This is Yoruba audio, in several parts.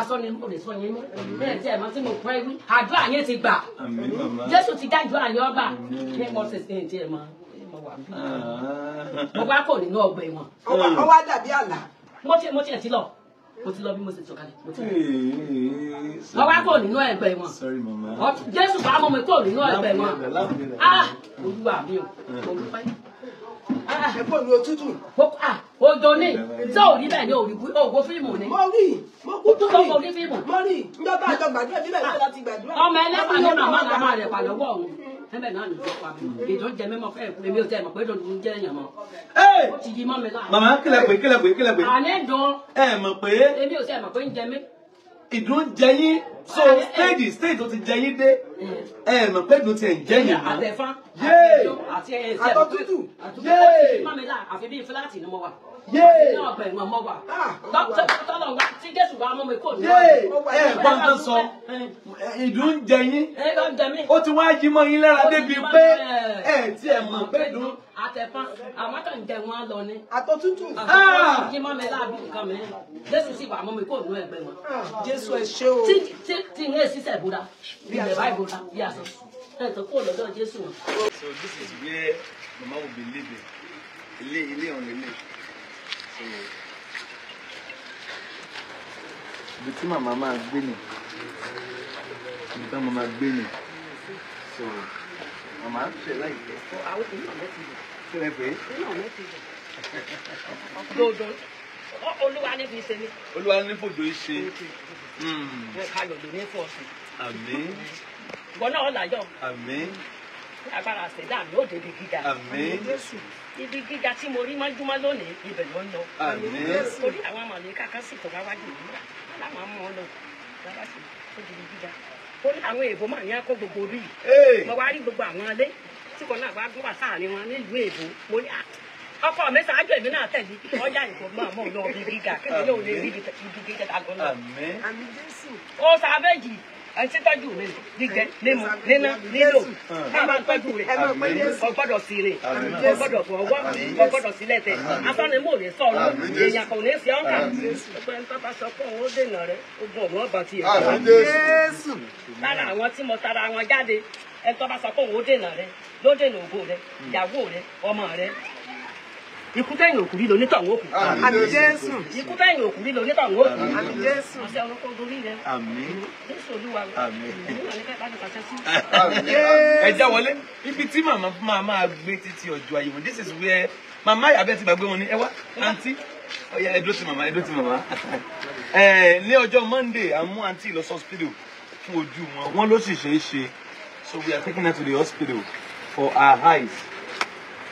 asọ́ni mo lè sọ yín mọ́ bẹ́ẹ̀ tí ẹ̀ mọ́ tí mo pẹ́ wí àdúrà yẹn ti gbà jésù ti dájú àyọ́ gbà ní mo ṣe ṣe ti ẹ̀ mọ́ mo wà bí ah. mo wá kò nínú ọgbà ẹ̀wọ̀n. ó wá dàbí àlá. mo ti mo ti ẹ̀ ti lọ mo ti lọ bí mo ṣe sọ̀kalẹ̀ mo ti lọ. ọwá kò nínú ẹgbẹ́ wọn jésù bá mọ̀ mi kò nínú ẹgbẹ́ wọn ah, olúwa mi o olúwa mi ẹ̀gbọ́n mi òtútù. ojo ní tó ò rí bẹ́ẹ̀ ni òwò fíìmù ni. mo rí mo kú tó rí mo rí njọ́ bá àjọ gbàdúrà níbẹ̀ náà ah, láti gbàdúrà. ọmọ ẹlẹ́pàá ló nà máa dàmà rẹ̀ pàlọ́wọ́ òun níbẹ̀ náà nìjọ pa mi èjò jẹ mímọ fẹ́ èmi ò tẹ mọ̀ pé dòdò jẹ́ èèyàn mọ́. ó ti di mọ́ mi láàrin. màmá kílẹ̀ pé kílẹ̀ pé so stage stage tó ti jẹ yín dé mm. ẹ mọ̀ pé ló ti ẹ̀ jẹ́ yín mọ́ yéé àtọ̀tútù yéé yéé ah! yéé ẹ gbọ́n tó sọ eh, ìdùn ń jẹ yín eh, ó ti wá jí mọ́ yín lára débi pé ẹ ti ẹ̀ mọ̀ pé dùn àtẹ̀fán àwọn kan jẹ wọn lọ ní. àtọ̀tútù. àtọ̀tútù jí ah! mọ́ mi láàbí nǹkan mi jésù sì wà mọ́ mi kó nù ẹgbẹ́ wọn. jésù ẹ ṣé o tí ìwé ìsísẹ̀ ìbúra ilẹ̀ bá ìbúra bí aṣọ ẹ̀tọ́ kó lọ́dọ̀ Jésù wọn. So this is where mama will be living He ilé ọ̀hún ilé ibi tí màmá máa Mama? ni ibi tí màmá máa gbé ni so màmá ń ṣe láìpẹ́. àwọn èyí ọ̀rẹ́ ti bọ̀. kí lè pè é. èyí ọ̀rẹ́ ti bọ̀. ọ̀pọ̀ olúwa ní fi ṣe ni. olúwa ní fòjò ṣe. ká lòdù ní fọ̀ọ̀sì. àmín. ìwọ náà agbára mi débi gíga. ibi gíga tí mo rí lónìí ibẹ̀ lọ. torí àwọn àwọn èèbó máa ọkọ mi ṣáájú èmi náà tẹ̀lé ọjà ìkó máa mọ̀ lọ bí gíga kébí lóun lè rí ibi gíga tàgbọ́n lọ. ó sàbẹ̀jì ẹ ti tọ́jú mi jíjẹ mímu níná nílò ẹ máa tọ́jú rẹ̀ ọ gbọ́dọ̀ sí rẹ̀ ọ gbọ́dọ̀ fọ ọwọ́ ọ gbọ́dọ̀ sílẹ̀ tẹ̀ afọ́nimọ̀ rẹ̀ sọ ọ́ èèyàn kò ní fi ọ́ kà ọgbẹ́ ń tọ́ta sọ pé òun ó dènà rẹ̀ ogun ọ̀gbọ́n ọba ti yẹ. lára àwọn tí mo tara wọn jáde ẹ tọ́ bá sọ pé òun ó dènà rẹ̀ ló dènà ògo rẹ̀ ìyàwó rẹ̀ ọmọ rẹ̀ ikú tẹ̀yìn òkú rí lóní tọ̀hún òkú. àmín jésù. ikú tẹ̀yìn òkú rí lóní tọ̀hún òkú. àmín jésù. ọ̀sẹ̀ orúkọ dorí rẹ. ẹ já wọlé ibi tí màmá máa máa gbé títí ọjọ́ ayé wọn this is where màmá àbẹ ti gbàgbé wọn ni ẹ wá àǹtí ọyá ẹ dúró ti màmá ẹ dúró ti màmá ẹ ní ọjọ́ monday à ń mú àǹtí lọ sí hospital fún ojú wọn wọn ló sì ṣeé ṣe so we are taking her to the hospital for her eyes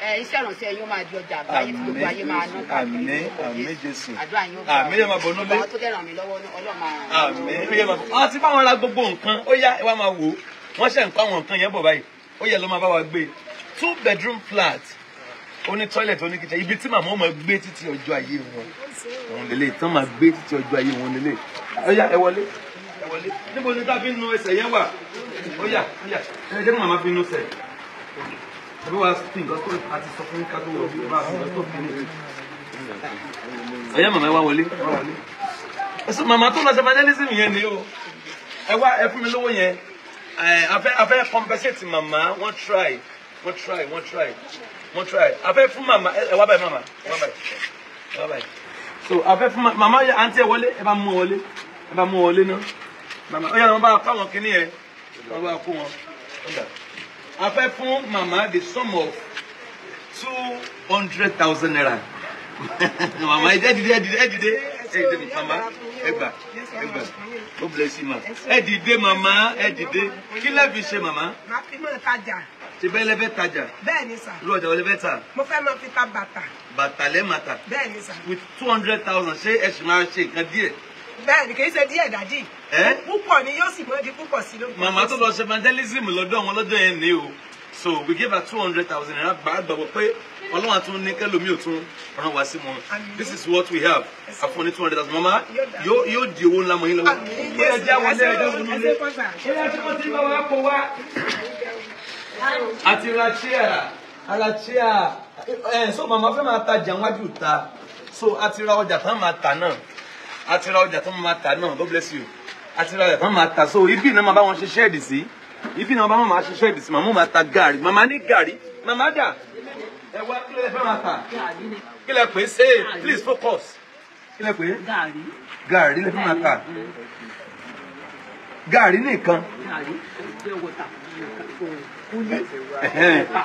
iṣẹ́ ìrànṣẹ́ yóò máa di ọjà àgbáyé tí gbogbo ayé máa ná káàkiri àmín Jésù ra gbogbo nǹkan ó yá ẹ wá máa wò ó wọ́n ṣe nǹkan àwọn nǹkan yẹn bọ̀ báyìí ó yẹ ló máa bá wa gbé two bedroom flat ó ní toilet ó ní kitchen ibi tí màmá ó máa gbé títí ọjọ́ ayé wọn òun lélẹ̀ tán máa gbé títí ọjọ́ ayé wọn lélẹ̀ ó yá ẹ wọlé ẹ wọlé níbo ni tá a fi ń nu ẹsẹ̀ yẹn wà ó yá ó yá ẹ jẹ́ kí màmá fi nu sẹ̀ ẹbí wa fi nǹkan tó àti sọ fún kátó wọlé ẹbí wa fi nǹkan tó fi ní. ẹyẹ màmá ẹ wá wọlé ẹsọ màmá tó lọ sí evangelism yẹn ni o ẹ wá ẹ fún mi lówó yẹn afẹ afẹ compensate màmá wọn try one try one try wọn try afẹ fún màmá ẹ wá báyìí màmá ẹ wá báyìí ẹ wá báyìí so afẹ fún màmá yẹ àǹtí ẹ wọlé ẹ bá mú wọlé ẹ bá mú wọlé náà màmá ó yà wọn bá fáwọn kìnìyẹn wọn bá kó wọn a fẹ́ fún màmá the sum of two hundred thousand naira Mama, ẹ dìde ẹ dìde ẹ dìde ẹ dìde màmá ẹ gbà ẹ gbà ó bless you ma ẹ Mama? màmá ẹ dìde kí lẹ fi ṣe màmá. màá fi mọ̀ tajà. ṣe bẹ́ẹ̀ lẹ fẹ́ tajà. bẹ́ẹ̀ ni sà. lọ́jà wọlé fẹ́ tà. mo fẹ́ máa fi bàtà. bàtà lẹ́ẹ̀ máa tà. bẹ́ẹ̀ sà. with two hundred thousand ṣé ẹ ṣì máa ṣe nǹkan díẹ̀. bẹ́ẹ̀ ni kì í ṣe díẹ̀ dàdí púpọ̀ ni yóò sì mọ ibi púpọ̀ sí lórúkọ. màmá tó lọ ṣe vandalism lọ́dọ̀ wọn lọ́dọ̀ yẹn ni o so we gave her two hundred thousand naira gbàgbọ́ pé ọlọ́run àtún ní kẹ́lómi ò tún ràn wá sí mu this is what we have àfọ ní two hundred thousand mama yóò di owó ńlá mọ́ yín lọ́wọ́ ó lè jẹ́ àwọn ẹlẹ́yà ẹjọ́ ìbùnú lé ṣé láti wọ́n ti bá wa kó wa àti ra chair ara chair ẹ̀ so màmá fẹ́ máa tajà wájú ta so àti ra ọjà tán máa tà náà àti ra ọjà tán máa tà náà God bless you àti ra ẹ̀fọn máa ta so ibi náà máa bá wọn ṣe ṣẹ́ẹ̀dì sí ibi náà bá wọn máa ṣe ṣẹ́ẹ̀dì sí màmá máa ta gàrí màmá ní gàrí màmá dà ẹ wá kí lè fẹ́ ta kí lè ṣe please focus kí lè gàrí lè fẹ́ máa ta gàrí nìkan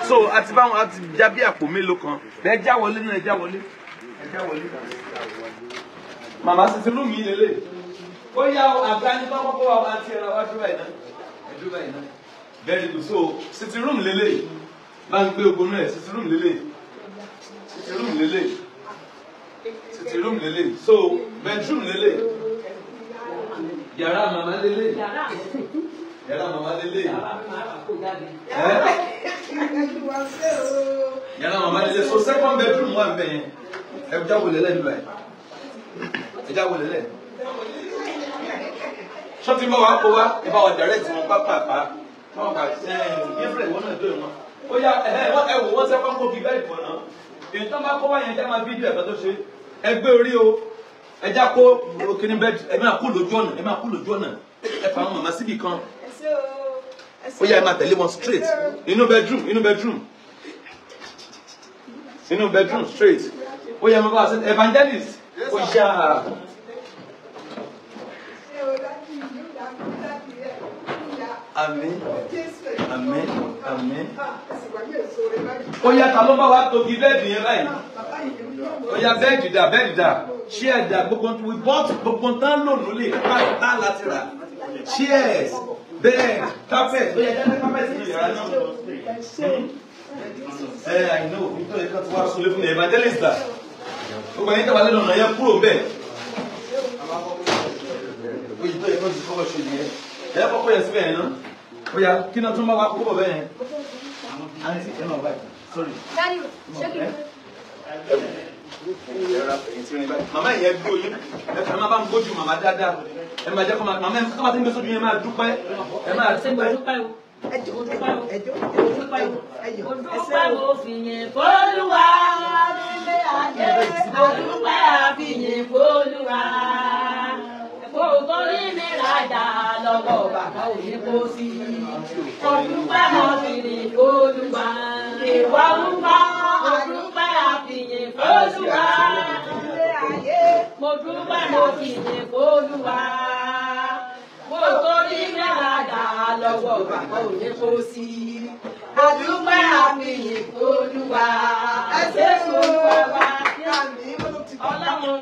so àti báwọn àti jábí àpò mélòó kan ẹ já wọlé náà ẹ já wọlé ẹ já wọlé màmá sì ti rú mi lélẹ̀ bóyá àga wa àti ẹ̀rọ wa dúró báyìí náà ẹ̀dúró báyìí náà bẹ́ẹ̀ni kò so sitting room lélẹ̀ bá ń gbé ogun rẹ̀ sitting room lélẹ̀ sitting room lélẹ̀ sitting room lélẹ̀ so bedroom lélẹ̀ yàrá màmá lélẹ̀ yàrá màmá lélẹ̀ yàrá màmá lélẹ̀ so second bedroom wà bẹ́ẹ̀ ẹ̀ jáwọ́ lélẹ̀ níbẹ̀ ẹ̀ jáwọ́ ṣọ́ ti mọ́ wa kó wa ẹ bá wa direct wọn pápápá wọn bá ṣe gabriel wọn náà dóyè wọn ó yá ẹ ẹ wọn ẹ wò wọn sẹ wọn kó bí bẹ́ẹ̀ kọ náà èyí tó bá kó wá yẹn jẹ máa fídíò ẹgbẹ tó ṣe ẹgbẹ orí o ẹjá kó òkìní bẹ́ẹ̀ ẹ máa kó oh, straight inú bedroom inú bedroom inú bedroom straight ó yá ẹ máa bá wa ṣe evangelist ó oh, yá. Amen. Amen. Amen. Oya yá ta ló bá wa tóbi bẹ́ẹ̀dì yẹn báyìí ó yá bẹ́ẹ̀dì dà bẹ́ẹ̀dì dà ṣíà dà gbogbo we bought gbogbo tán lónìí lè ká tá láti rà chairs bed carpet ó yá jẹ́ carpet yìí rà náà. ẹ ẹ àìní òbí tó yẹ ká tó wá sọlé fún mi evangelist gbogbo ẹni tàbá lẹ́nu ọ̀nà yẹn kúrò bẹ́ẹ̀ pé ìtọ́ yẹn ti kọ́kọ́ ṣe nìyẹn ẹ kọ́kọ́ yẹn síbẹ̀ yẹn náà bóyá kí náà tún bá wa kó bẹ́ẹ̀ yẹn. àǹtí ẹ máa báyìí sọ́rí. màmá yẹn bí oyin ẹ máa bá ń gbójú màmá dáadáa ẹ máa jẹ́ kọ́ máa màmá kọ́ máa ti ń gbé sójú yẹn máa dúpẹ́ ẹ máa dúpẹ́ ẹjọ ẹjọ ẹjọ ẹsẹ o ayé àdúpẹ́ àfìyìn fólúwa dá lọ́wọ́ bàbá òní kó sí. Ọdúpẹ́ ọ̀sìnì olùwà, ìwà olùwà, ọdúpẹ́ àfihàn olùwà. Mo dúpẹ́ mo fìyàn olùwà. Mo torí náà dá lọ́wọ́ bàbá òní kó sí. Àdúpẹ́ àfihàn olùwà. Ẹ ṣe é sọ Ọlọ́run.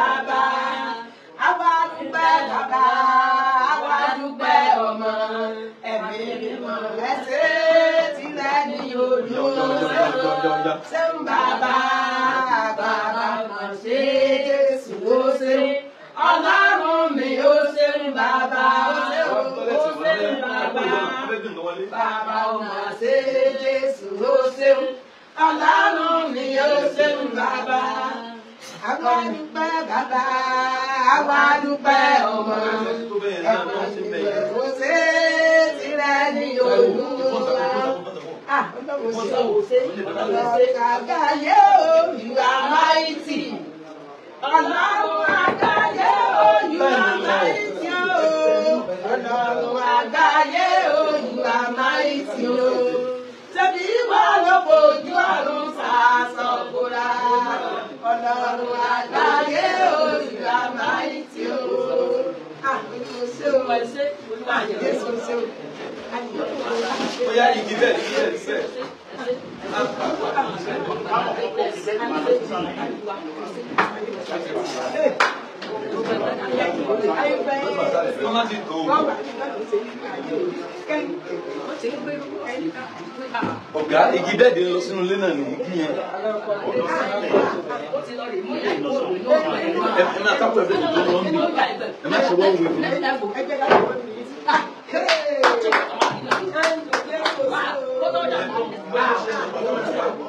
bàbá àwa dúpẹ́ bàbá àwa dúpẹ́ ọmọ ẹ̀mí mímọ́ ẹsẹ̀ tilẹ̀ ní ojú ṣé ń bàbá bàbá mọ̀ ṣe Jésù ó ṣe ọlọ́run mi ó ṣe ń bàbá ó ṣe ó ṣe ń bàbá bàbá ó mọ̀ ṣe Jésù ó ṣe ọlọ́run mi ó ṣe ń bàbá àwa dúpẹ́ bàbá àwa dúpẹ́ ọmọ ẹ̀kọ́ ìbẹ̀rẹ̀ kò ṣe é tirẹ̀ ní olúwa. Àgbáyé o, you are mighty. Ọlọ́run àgbáyé o, you are mighty o. Ọlọ́run àgbáyé o, you are mighty o. ọ̀run àgbáyé oṣù Thank you ọ̀gá igi bẹ́ẹ̀dì lọ sínú ilé náà nìyí kí yẹn. ẹ máa kápẹ́ bẹ́ẹ̀ tó lọ ẹ má ṣe wọ́n wí fún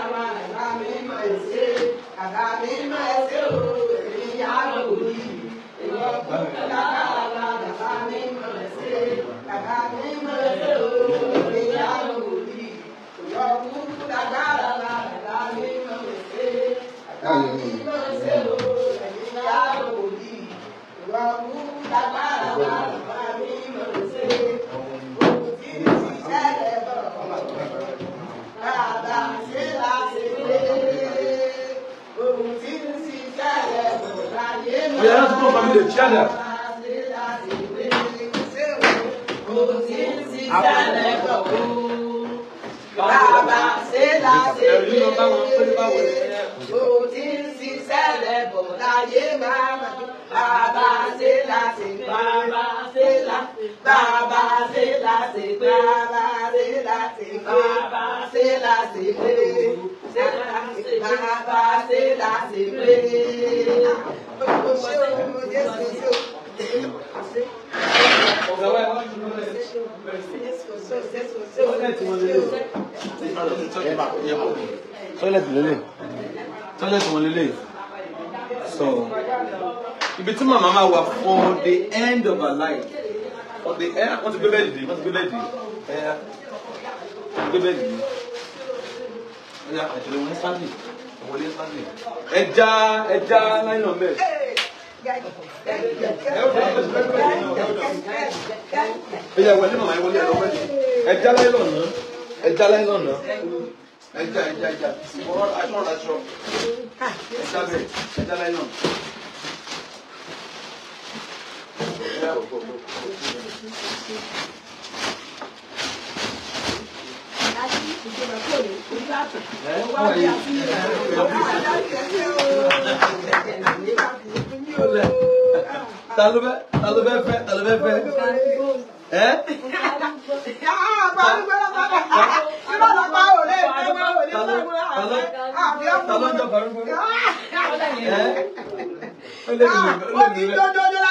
kàkà mi máa ṣe o èmi yá lórí ìwọ kún kàkà àlà kàkà mi máa ṣe kàkà mi máa ṣe o èmi yá lórí ìwọ kún Oya let's go family together. Bàbá ṣe láti lè kò tí ń ṣiṣẹ́ lẹ́bọ̀ láyé máa bàbá ṣe láti bàbá ṣe láti bàbá ṣe láti bàbá ṣe láti bàbá ṣe láti pé bàbá ṣe láti pé tọ́lẹ̀tì lélẹ̀ tọ́lẹ̀tì wọn lélẹ̀ so ibi tí màmá máa wà for the end of her life for the end eh, wọ́n ti gbé bẹ́ẹ̀ dìde wọ́n ti gbé bẹ́ẹ̀ dìde eh, ẹ̀ gbé bẹ́ẹ̀ dìde ọ̀ya àjọyọ̀ wọn ní sábì ẹja ẹja láìnà mẹ. ẹja wọlé màmá yẹn wọlé ẹ lọ́wọ́ ẹja láìnà náà ẹja láìnà náà ẹja ẹja ẹja ọ̀rọ̀ aṣọ ọ̀rọ̀ aṣọ ẹja bẹ ẹja láìnà. Thank you. ìjọba kò ta ló fẹ́ ta ló fẹ́ fẹ́ ta ló fẹ́ fẹ́. ẹ. ta ló ń jọ Barugbo. ó ti dodo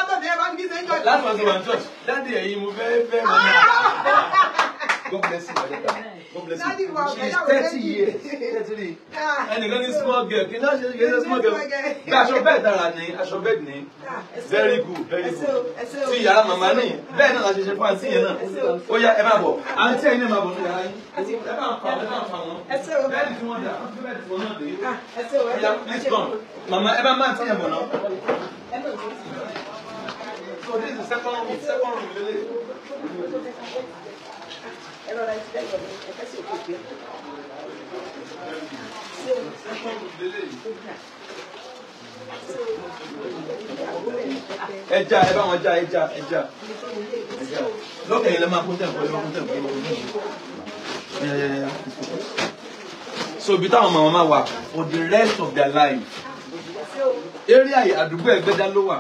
God bless you, God bless you. she is 30 years. And you're going to girl. You know, she's a small girl. But I shall bet that her name. I shall bet Very good tí yàrá màmá ní bẹ́ẹ̀ náà ṣe ṣe fún àǹtí yẹn náà ó yá ẹ máa bọ̀ àǹtí yẹn náà máa bọ̀ ní yàrá yín ẹ máa fà wọn ẹ máa fà wọn bẹ́ẹ̀ni tí wọ́n dà bẹ́ẹ̀ni tí wọ́n náà dé ah, yá please come màmá ẹ bá máa àǹtí yẹn bọ̀ náà. So this is second room second room lele. ẹ lọ ra ẹ ti dẹ́gbẹ̀ẹ́ ẹ fẹ́ sí òkè gbé. second room lele ẹja ẹ bá wọn já ẹja ẹja ẹja lọ́kàn yẹn lè máa kó tẹ̀ kọ́ lè máa kó tẹ̀ kọ́ lè máa kó tẹ̀ so ibi táwọn màmá máa wà for the rest of their life area àdúgbò ẹgbẹ́dá ló wà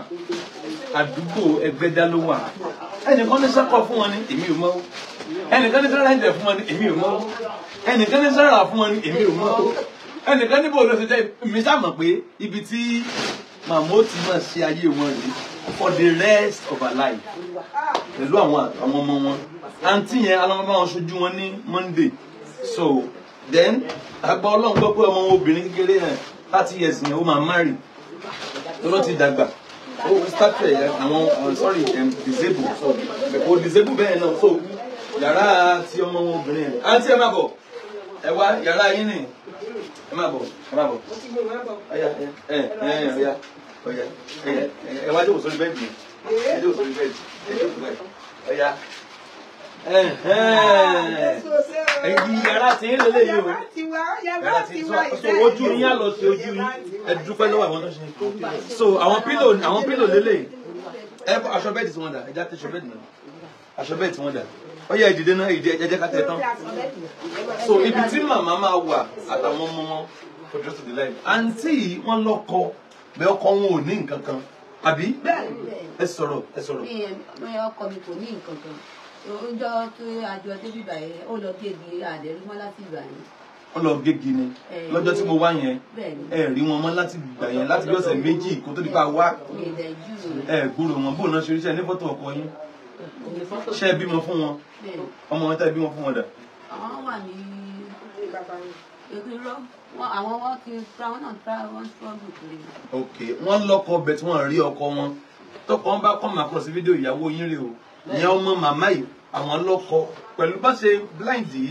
àdúgbò ẹgbẹ́dá ló wà ẹnìkan ní sákọ̀ fún wọn ní èmi ò mọ́ ẹnìkan ní sára ẹ̀jẹ̀ fún wọn ní èmi ò mọ́ ẹnìkan ní sára fún wọn ní èmi ò mọ́ ẹnìkan níbo ló ṣe jẹ́ mi ṣàmọ̀ pé ibi tí màmá ti máa ṣe ayé wọn rèé for the rest of her life pẹ̀lú àwọn àwọn ọmọ wọn àǹtí yẹn alámọ́bá wọn ṣojú wọn ní Monday so then àgbà ọlọ́run gbọ́ pé ọmọ obìnrin kékeré yẹn thirty years yẹn ó máa marry lọ́dọ̀ ti dàgbà ó started àwọn sorry um, disabled ó disabled bẹ́ẹ̀ náà so yàrá ti ọmọ obìnrin yẹn àǹtí ẹ má bọ̀ ẹ wá yàrá yín nìyẹn ẹ má bọ̀ ẹ má bọ̀ ọ̀yà ọ̀yà ọ̀yà ẹ wá jókòó sórí bẹ́ẹ̀dì ẹ jókòó sórí bẹ́ẹ̀dì ẹ jókòó bẹ́ẹ̀dì ọ̀yà ẹ̀yin yàrá ti ń lélẹ̀ yìí o yàrá ti wá so ojú yín á sí ojú yín ẹ dúpẹ́ àwọn tó ṣe so àwọn pílò àwọn pílò lélẹ̀ ẹ aṣọ bẹ́ẹ̀dì tí wọ́n dà ẹ já tẹ aṣọ bẹ́ẹ̀dì náà aṣọ bẹ́ẹ̀dì tí wọ́n dà ó yẹ ìdìde náà ìdí ẹjẹ ká tẹ tán so ibi tí màmá máa wà àtàwọn ọmọ wọn for the rest of the life àǹtí yìí wọ́n lọ́kọ bẹ́ẹ̀ ọkọ wọn ò ní nǹkan kan àbí ẹ sọ̀rọ̀ ẹ sọ̀rọ̀. ọkọ mi kò ní nǹkan kan ọjọ́ tó àjọ débi báyìí ó lọ géègì àdẹ̀rí mọ́ láti ìgbà yìí wọ́n lọ gégi ni lọ́jọ́ tí mo wá yẹn ẹ rí wọn mọ́ láti gbà yẹn láti bí ọ̀sẹ̀ méjì kó tó di pa wá ẹ gbúrò wọn bóun náà ṣe oríṣẹ́ ní fọ́tò ọkọ yín ṣé ẹ bímọ fún wọn ọmọ wọn tẹ́ bímọ fún wọn dà. àwọn wà ní ìgbìrọ àwọn wọn kì í tra wọn náà tra wọn ṣọọbù kiri. ok wọn lọkọ ọbẹ tí wọn rí ọkọ wọn tọkọ wọn bá kọ màá kọ sí fídíò ìyàwó yín rè o ìyẹn ọmọ màmá yìí àwọn lọkọ pẹ̀lú bá ṣe blind yìí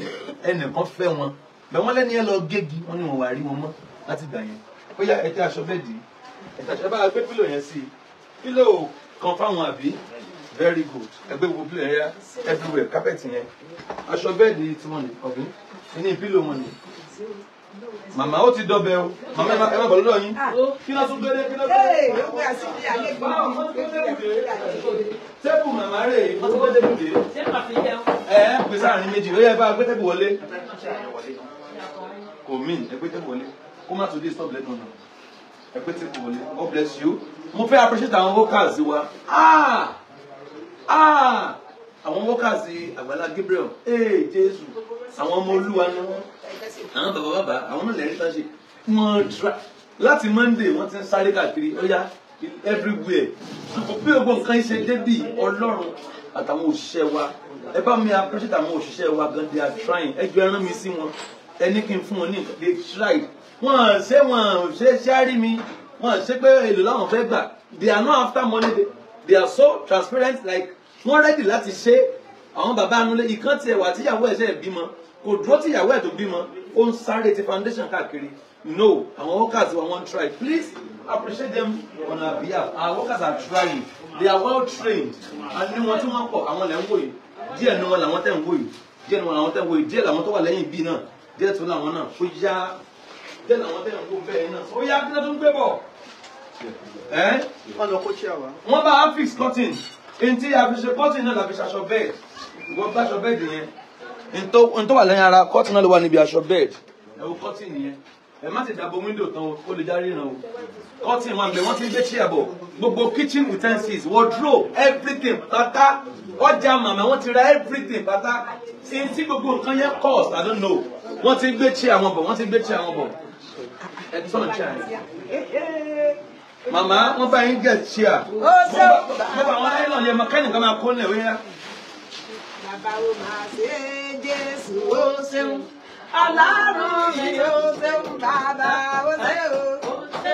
ẹnìkan fẹ́ wọn bẹ́ẹ̀ wọ́n lẹ́ni ẹ lọ gégi wọ́n ní wọ́n wà rí wọn mọ́ láti gbà yẹn ó yá ẹ tẹ́ aṣọ bẹ́ẹ̀ dì í ẹ tẹ́ aṣọ bá gbé pílò yẹn sí i pílò kan fáwọn àbí very good ẹgbẹ́ gbogbo pílẹ̀ yẹn everywhere carpet yẹn aṣọ bẹ́ẹ̀dì it wọ́n ní ọ̀gbìn pillow money? Mama, ni màmá ó ti dọbẹ o màmá ẹ má bọ̀ lọ́dọ̀ yín kí ló tún gbélé kí ló tún gbélé tẹ́bù màmá rè é wọ́n tún gbélé dé ẹ ẹ pèsè àárín méjì ó yẹ bá gbé tẹ́bù wọlé kò mean ẹ gbé tẹ́bù wọlé kó má tún dé stop lẹ́nu ọ̀nà ẹ gbé tẹ́bù wọlé God bless you mo fẹ́ appreciate àwọn vocals wa. Ah! Ah, àwọn wọ́kàsí àgbàlá Gabriel ee eh, Jésù àwọn ọmọ olúwa ni wọ́n àwọn bàbá bàbá àwọn náà lẹ́rìí sáṣẹ wọ́n tra láti Monday wọ́n ti ń sáré káàkiri ó yá everywhere bí gbogbo nǹkan ṣe débì Ọlọ́run àtàwọn òṣìṣẹ́ wa ẹ bá mi appreciate àwọn òṣìṣẹ́ wa gan they are trying ẹ jọ ẹ rán mi sí wọn ẹ ní kí n fún wọn ní nǹkan they tried wọ́n ṣe wọ́n ṣe ṣáárí mi wọ́n ṣe pé èlò láwọn fẹ́ gbà they are not after money they are so transparent like wọ́n rẹ́dì láti ṣe àwọn bàbá anulẹ̀ ìkan tiẹ̀ wà tíyàwó ẹ̀ ṣe é bímọ kò dúró tíyàwó ẹ̀ tó bímọ ó ń sáré ti foundation káàkiri no àwọn workers wa wọ́n try please appreciate them on our behalf our workers are trying they are well trained and ní wọn tí wọ́n pọ̀ àwọn lẹ́ ń wò yìí díẹ̀ ni wọn làwọn tẹ̀ ń wò yìí díẹ̀ ni wọn làwọn tẹ̀ ń wò yìí díẹ̀ làwọn tó wà lẹ́yìn bíi náà díẹ̀ tó làwọn náà ó yá díẹ̀ làwọn tẹ̀ ń wò bẹ́ẹ̀ náà ó yá kí ló tó ń gbé bọ̀. wọ́n lọ kó chair wa. wọ́n bá a fix cotton ntí àfiṣe kọ́tì náà làfi ṣaṣọ bẹ́ẹ̀d wọ́n bá aṣọ bẹ́ẹ̀d yẹn ntọ́ wà lẹ́yìn ara kọ́tì náà ló wà níbi aṣọ bẹ́ẹ̀d ẹ wo kọ́tì nìyẹn ẹ má ti dàbò wíńdò tán o ó lè já ríran o kọ́tì wọn bẹ wọ́n ti ń gbé chair bọ̀ gbogbo kitchen utensils wardrobe everything pátá ọjà màmá wọ́n ti ra everything pátá ntí gbogbo nǹkan yẹn cost I don't know wọ́n ti ń gbé chair wọn bọ̀ wọ́n ti ń gbé chair wọn bọ̀ ẹ màmá wọn bá yín gẹ̀ tí a mo bá wọn ayé náà yẹ mẹkáníkì kan máa kó we wíyá. bàbá wo máa ṣe jésù ó ṣeun ọlọ́run mi ó ṣeun bàbá ó ṣeun ó ẹ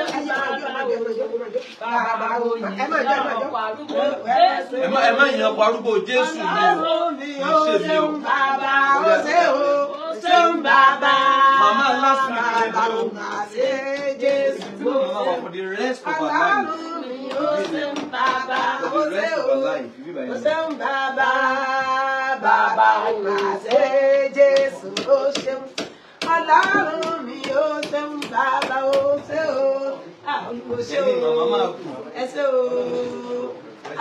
má yan ọkọ arúgbó jésù ni o ṣe mi o. bàbá ó ṣeun bàbá màmá lásìkò ìjẹun máa wà for the rest of our life. o ṣeun bàbá o ṣeun o ṣeun bàbá bàbá o máa ṣe Jésù o ṣeun ọlọ́run mi o ṣeun bàbá o ṣe o o ṣe o ẹ ṣe o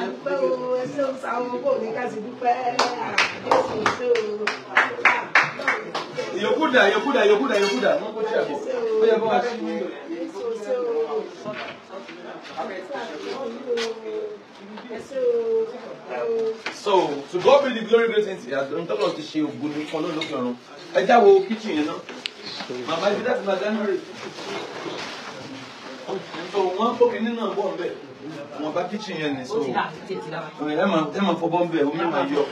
àdúpẹ́ o ẹ ṣe o sàwọn kò ní ká sì dúpẹ́ Jésù o ṣe o yokuda yokuda yokuda yokuda mọ kó tí a bọ ó yẹ kó a ti wúlò so to God be the glory great things he has done tọ́lọ̀ ti ṣe ògbó ní kan lónìí lókè ọ̀run ẹ já wo kitchen yẹn náà màmá ibi láti máa dáná rè so wọ́n tóbi nínú àbọ̀ ọ̀bẹ wọ́n bá kitchen yẹn ni so ẹ máa ẹ máa fọbọ́ ń bẹ̀ omi máa yọ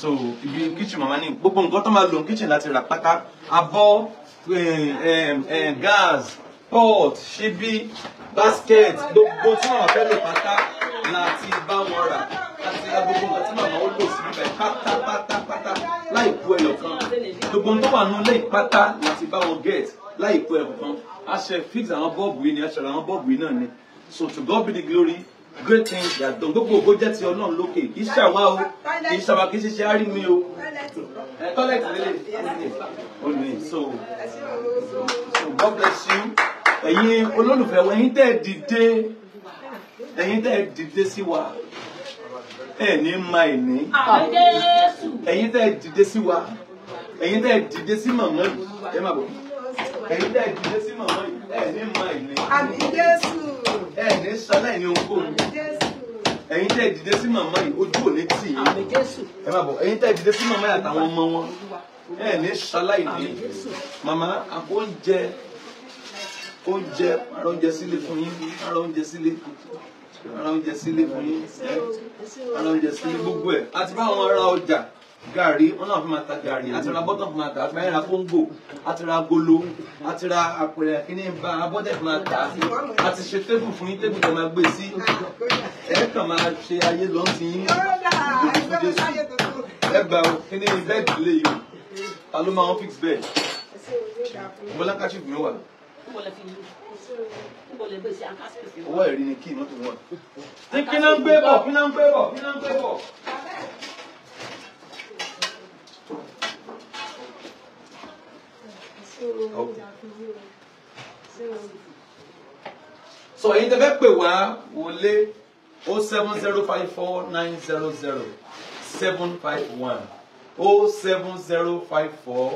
so ibi kitchen màmá ní gbogbo nǹkan tó máa lò ní kitchen láti rà pátá abọ́ eh, eh, eh, gas pot ṣíbí basket gbogbo tí màmá fẹ́ lò pátá láti bá wọn rà láti ra gbogbo nǹkan tí màmá ó lò sí ibẹ̀ pátápátápátá láì kù ẹyọ kan gbogbo tó wà nínú ilé pátá láti bá wọn get láì kù ẹyọ kan a ṣe fix àwọn bọ́ọ̀bù yìí ni a ṣe ra àwọn bọ́ọ̀bù yìí náà ni so to God be the glory great things that don gbogbo ògo jẹ́ ti ọlọ́run lókè kì í ṣàwa o kì í ṣàwa kì í ṣiṣẹ́ árí mi o tọ́lẹ̀tì lélẹ̀ olùyìn so so God bless you ẹ̀yin olólùfẹ́ wa ẹ̀yin tẹ́ ẹ dìde ẹ̀yin tẹ́ ẹ dìde sí wa ẹ̀ ní ma ẹ̀ ní ẹ̀yin tẹ́ ẹ dìde sí wa ẹ̀yin tẹ́ ẹ dìde sí màmá ẹ̀ má bọ̀ ẹ̀yin dẹ́ ìdílé sí màmá yìí ẹ̀ ní mọ ìní. àmì jésù. ẹ̀ ní sọlá ìní ohunkóhun. àmì jésù. ẹ̀yin dẹ́ ìdílé sí màmá yìí ojú ò ní tì í. àmì jésù. ẹ má bọ̀ ẹ̀yin dẹ́ ìdílé sí màmá yìí àtàwọn ọmọ wọn ẹ̀ ní sọlá ìní. màmá oúnjẹ oúnjẹ ara oúnjẹ sílé fún yín ara oúnjẹ sílé ara oúnjẹ sílé fún yín ara oúnjẹ sílé gbogbo ẹ̀ àti báwọn ará ọjà gàrí wọn náà fi máa ta gàrí àti ra bọ́tọ̀ fi máa ta àti máa ra kóńgò àti ra golo àti ra àpẹẹrẹ kíní ba abọ́dẹ̀ fi máa ta àti ṣe tébù fún yín tébù tó máa gbé sí ẹ kàn máa ṣe ayé lọ sí yín ìdókòwò jésù ẹ gbà ó kíní bẹ́ẹ̀dì lè yọ ta ló máa ń fix bẹ́ẹ̀ bọ́lá kásìf mi wà. owó ẹ̀rí ni kí mọ́tò wọn. ní kí náà ń gbé bọ̀ kí náà ń gbé bọ̀ kí náà ń gbé bọ̀. so ẹ̀yin tẹ́ fẹ́ pè wá wọlé o oh seven zero five four nine zero zero seven five one o oh seven zero five four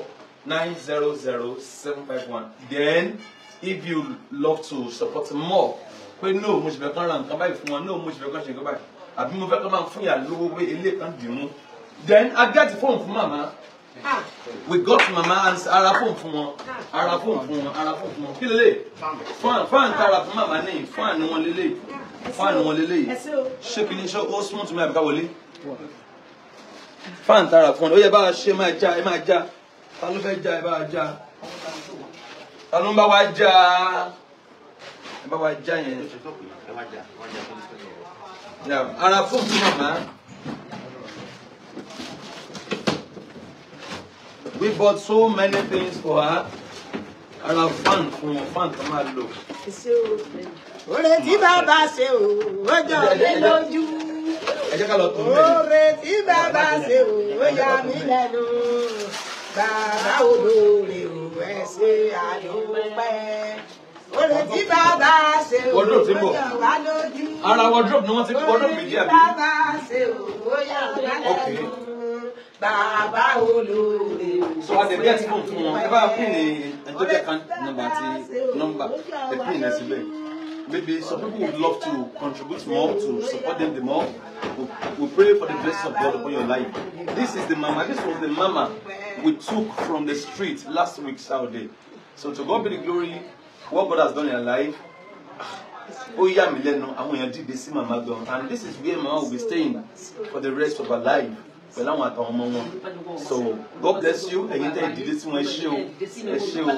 nine zero zero seven five one then if you love to support more pé no mo ṣe fẹ́ kán ra nǹkan báyìí fún wọn no mo ṣe fẹ́ kán ṣe nǹkan báyìí àbí mo fẹ́ kán máa fún yà lówó pé ilé kan dì mú then a gẹ́tì fóònù fún màmá we got mama ara fóun fún wọn ara fóun fun wọn ara fóun fún wọn kí lélẹ̀ fan fan tara fún mama ní fan ni wọn lélẹ̀ fan wọn lélẹ̀ ṣé kí ni ṣé ó súnmọ́ tún mi àbíká wọlé fan tara fún wọn ó yẹ bá a ṣe máa já ẹ máa já ta ló fẹ́ já ẹ bá a já ta ló ń bá wa já ẹ bá wa já yẹn ara fóun fún mama. we bought so many things for her ara fan fún wọn fan tó máa lò. oore tí bàbá ṣe o ó jọ mí lójú. oore tí bàbá ṣe o ó yà mí lẹ́nu. bàbá olóore o ẹ ṣe àdúpẹ́. oore tí bàbá ṣe o ó jọ wá lójú. ara wardrobe ni wọ́n ti wardrobe méjì àbí. oore tí bàbá ṣe o ó yà mí lẹ́nu bàbá olóore. so a tẹ̀lé eh, àti fún fún wọn ẹ bá pín ní ẹjọ́jẹ́ kan nọ́mbà àti nọ́mbà ẹ pín ní ẹsẹ̀ bẹ́ẹ̀. Maybe some people would love to contribute more to support them the more. We, we pray for the blessing of God upon your life. This is the mama. This was the mama we took from the street last week, Saturday. So to God be the glory, what God has done in her life. Ah, ó yà mí lẹ́nu àwọn èèyàn dìde sí màmá gan and this is where mama will be staying for the rest of her life pẹ̀lú àwọn àtàwọn ọmọ wọn so god bless you ẹ̀yin tẹ́ ìdílé tí wọ́n ẹ ṣé o ẹ ṣé o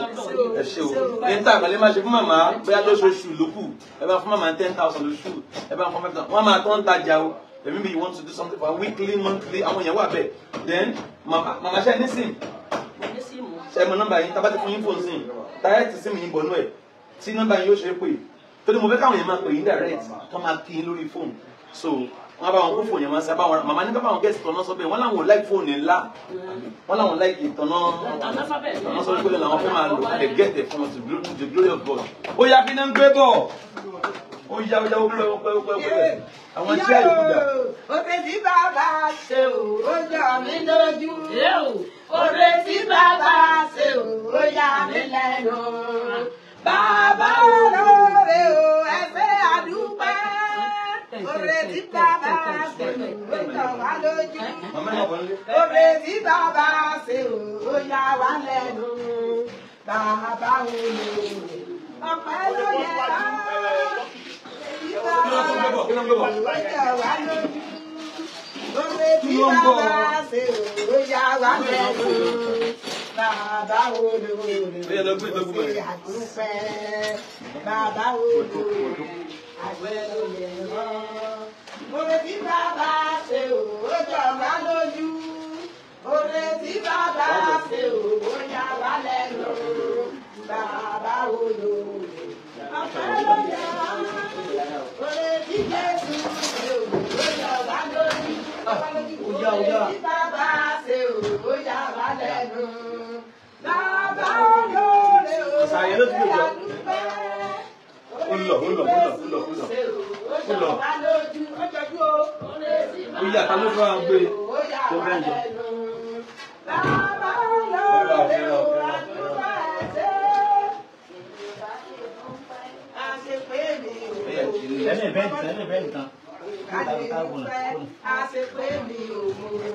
ẹ ṣé o ní tá àkàlẹ́ máa ṣe fún màmá bóyá lóṣooṣù lókù ẹ bá fún màmá ten thousand lóṣù ẹ bá fún màmá wọn máa tán tajà o maybe you want to do something for weekly monthly àwọn èèyàn wà bẹ́ẹ̀ then màmá ṣe ní sim ṣe mọ nọ́mbà yín tábà ti fún yín fóònù sim táyẹ̀tì sim yín bọ̀nú ẹ̀ tí nọ́mbà yín yóò ṣe é pè torí mo fẹ́ káwọn èèyàn máa pè yín direct kán máa kí yín lórí fóònù so wọn bá wọn kó fóònù yẹn máa sábà wọn màmá nígbà báwọn gẹ̀ẹ́sì tọ̀nà sọ́bẹ̀ wọn làwọn ò láì fóònù ńlá wọn làwọn láì tọ̀nà tọ̀nà sọ́bẹ̀ pé làwọn fẹ́ máa lò they get the from the glory of God. ó yá kíni ń gbé bọ̀ ó yá ó yá ó pẹ́ ó pẹ́ ó pẹ́ ó pẹ́ àwọn tí a yòókù dà. òde tí bàbá ṣe o ó yà mí lójú òde tí bàbá ṣe o ó yà mí lẹ́nu bàbá olóore o. Oore tí bàbá ṣe ó yà wá lójú. Oore tí bàbá ṣe ó yà wá lẹ́nu. Bàbá wo lè ọ̀pẹ ló yẹ wá. Èyí bàbá ó yà wá lójú. Oore tí bàbá ṣe ó yà wá lẹ́nu. Bàbá wo lè ṣe àdúpẹ́. Bàbá wo lè àgbẹ̀ ló yẹ yẹn. Oore tí bàbá ṣe ò ó jọ wá lójú. Oore tí bàbá ṣe ò ó yà wá lẹ́nu. Bàbá wo lò ó? Ọ̀pẹ́ ló yẹ wá. Oore tí ó lọ ó lọ ó lọ ó lọ ló fẹ́ gbé tó bẹ́ẹ̀ yọ. Ẹni bẹ́ẹ̀ ni, ẹni tán àdéhùn fẹ́ àṣepé mi ò mòrè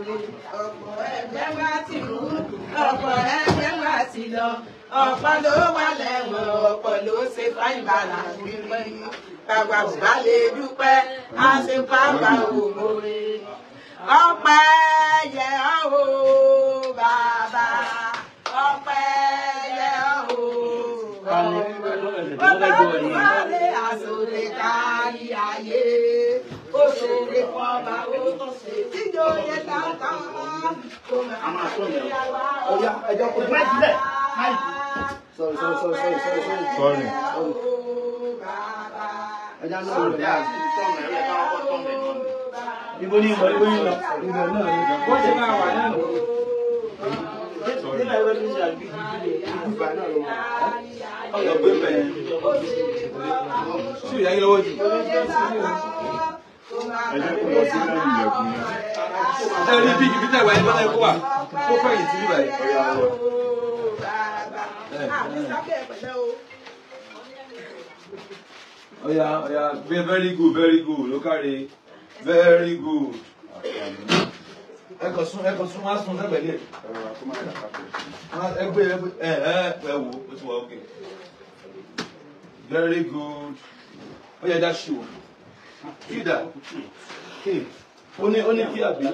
ọ̀pọ̀ ẹgbẹ́ wá ti rú ọ̀pọ̀ ẹgbẹ́ wá ti lọ ọ̀pọ̀ ló wà lẹ́wọ̀n ọ̀pọ̀ ló ṣe fáìn bàlà gbígbẹ́ bàbá ò bá lè dúpẹ́ àṣepábà ò mòrè ọpẹ́ yẹ ọ́ bàbá ọpẹ́ yẹ ọ́ bàbá. lè fọ́ ọba orúkọ sí tíjọ yẹ tàǹtà kò máa tó yà wá. sorry sorry sorry sorry sorry sorry sorry. náà ló dé àgbẹ̀. ibo náà wà náà lọ. nílẹ̀ ìwé ní ìṣe àgbẹ̀ ìgbà náà ló ìyá yín lọ́wọ́ jù ẹjẹ kò lọ ẹ rí bí ibi tẹ̀wá ẹ lọ́nà ẹ̀kú wa kó fẹ̀yìn sí ibà yìí. ọ̀yà ọ̀yà gbé very good very good ló kárí very good. ẹ kàn sún ẹ kàn sún wá sún lẹ́gbẹ̀ẹ́ lé. ẹ gbé ẹ ẹ wò ó ti wà ókè. very good. ó yẹ dá sí Juda ó ní ó ní kí àbí.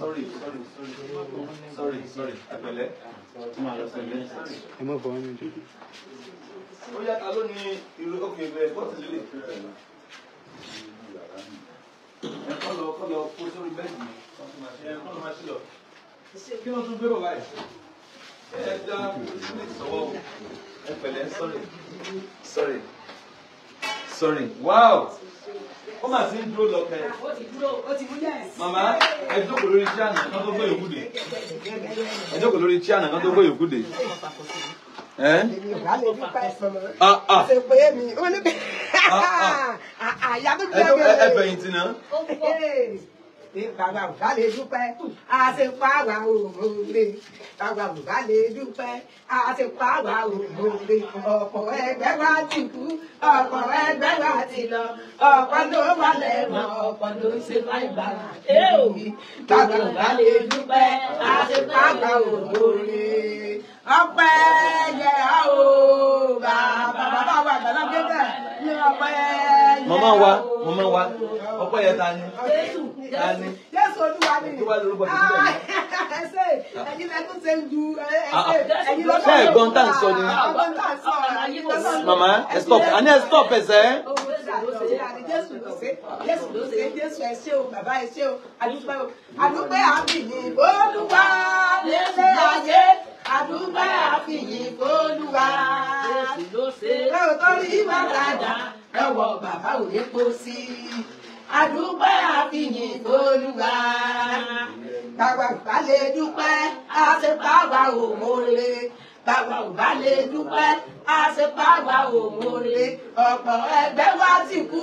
Sorry, sorry, sorry, sorry, àpẹlẹ. Ẹ má bọ̀ wá méjì. Ó yá ta ló ní ìlú òkè bẹ́ẹ̀ bọ́ọ̀tì líle. Ẹ kọ́ lọ kọ́ lọ kó sórí bẹ́ẹ̀dì mi. Ẹ kọ́ lọ máa ṣí lọ. Kí ló tún gbérò báyìí? Ẹ dá sorry, sorry sorry wow ó mà ti ń dúró lọkẹ màmá ẹ jókòó lórí chiana kan tó gbé yòókù dé ẹ jókòó lórí chiana kan tó gbé yòókù dé. Ẹ fẹ̀yìntì náà ní bàbá òbá lè dúpẹ́ àṣepá wa òmòore bàbá òbá lè dúpẹ́ àṣepá wa òmòore ọ̀pọ̀ ẹgbẹ́ wa ti kú ọ̀pọ̀ ẹgbẹ́ wa ti lọ ọ̀pọ̀ ló wà lẹ́wọ̀n ọ̀pọ̀ ló ṣe láì bàrà èèmí bàbá òbá lè dúpẹ́ àṣepá wa òmòore ọpẹ́ yẹ ọ́ bàbá bàbá wa gbàdá gbẹ́gbẹ́ màmá wa màmá wa ọpẹ́ yẹn ta ni ta ni Jésù Olúwa ni tó wà lórúkọ tó ń bẹ ẹsẹ ẹyin lẹ tó ṣe ń ju tá n sọ ni màmá ẹ stop àní ẹ stop ẹsẹ. Jésù ẹ ṣé o bàbá ni Olúwa lè ṣe àdúgbò àfihàn fólúwa. Jésù ló ṣe é. Lọ́wọ́ tó rí bàdàdà lọ́wọ́ bàbá ò lè kó sí. Àdúgbò àfihàn fólúwa. Bàbá ìbálẹ̀ dúpẹ́, àṣepá wa ò báwa ò bá lè dúpẹ́ àṣepáwa ò mọ̀re ọ̀pọ̀ ẹgbẹ́ wa ti kú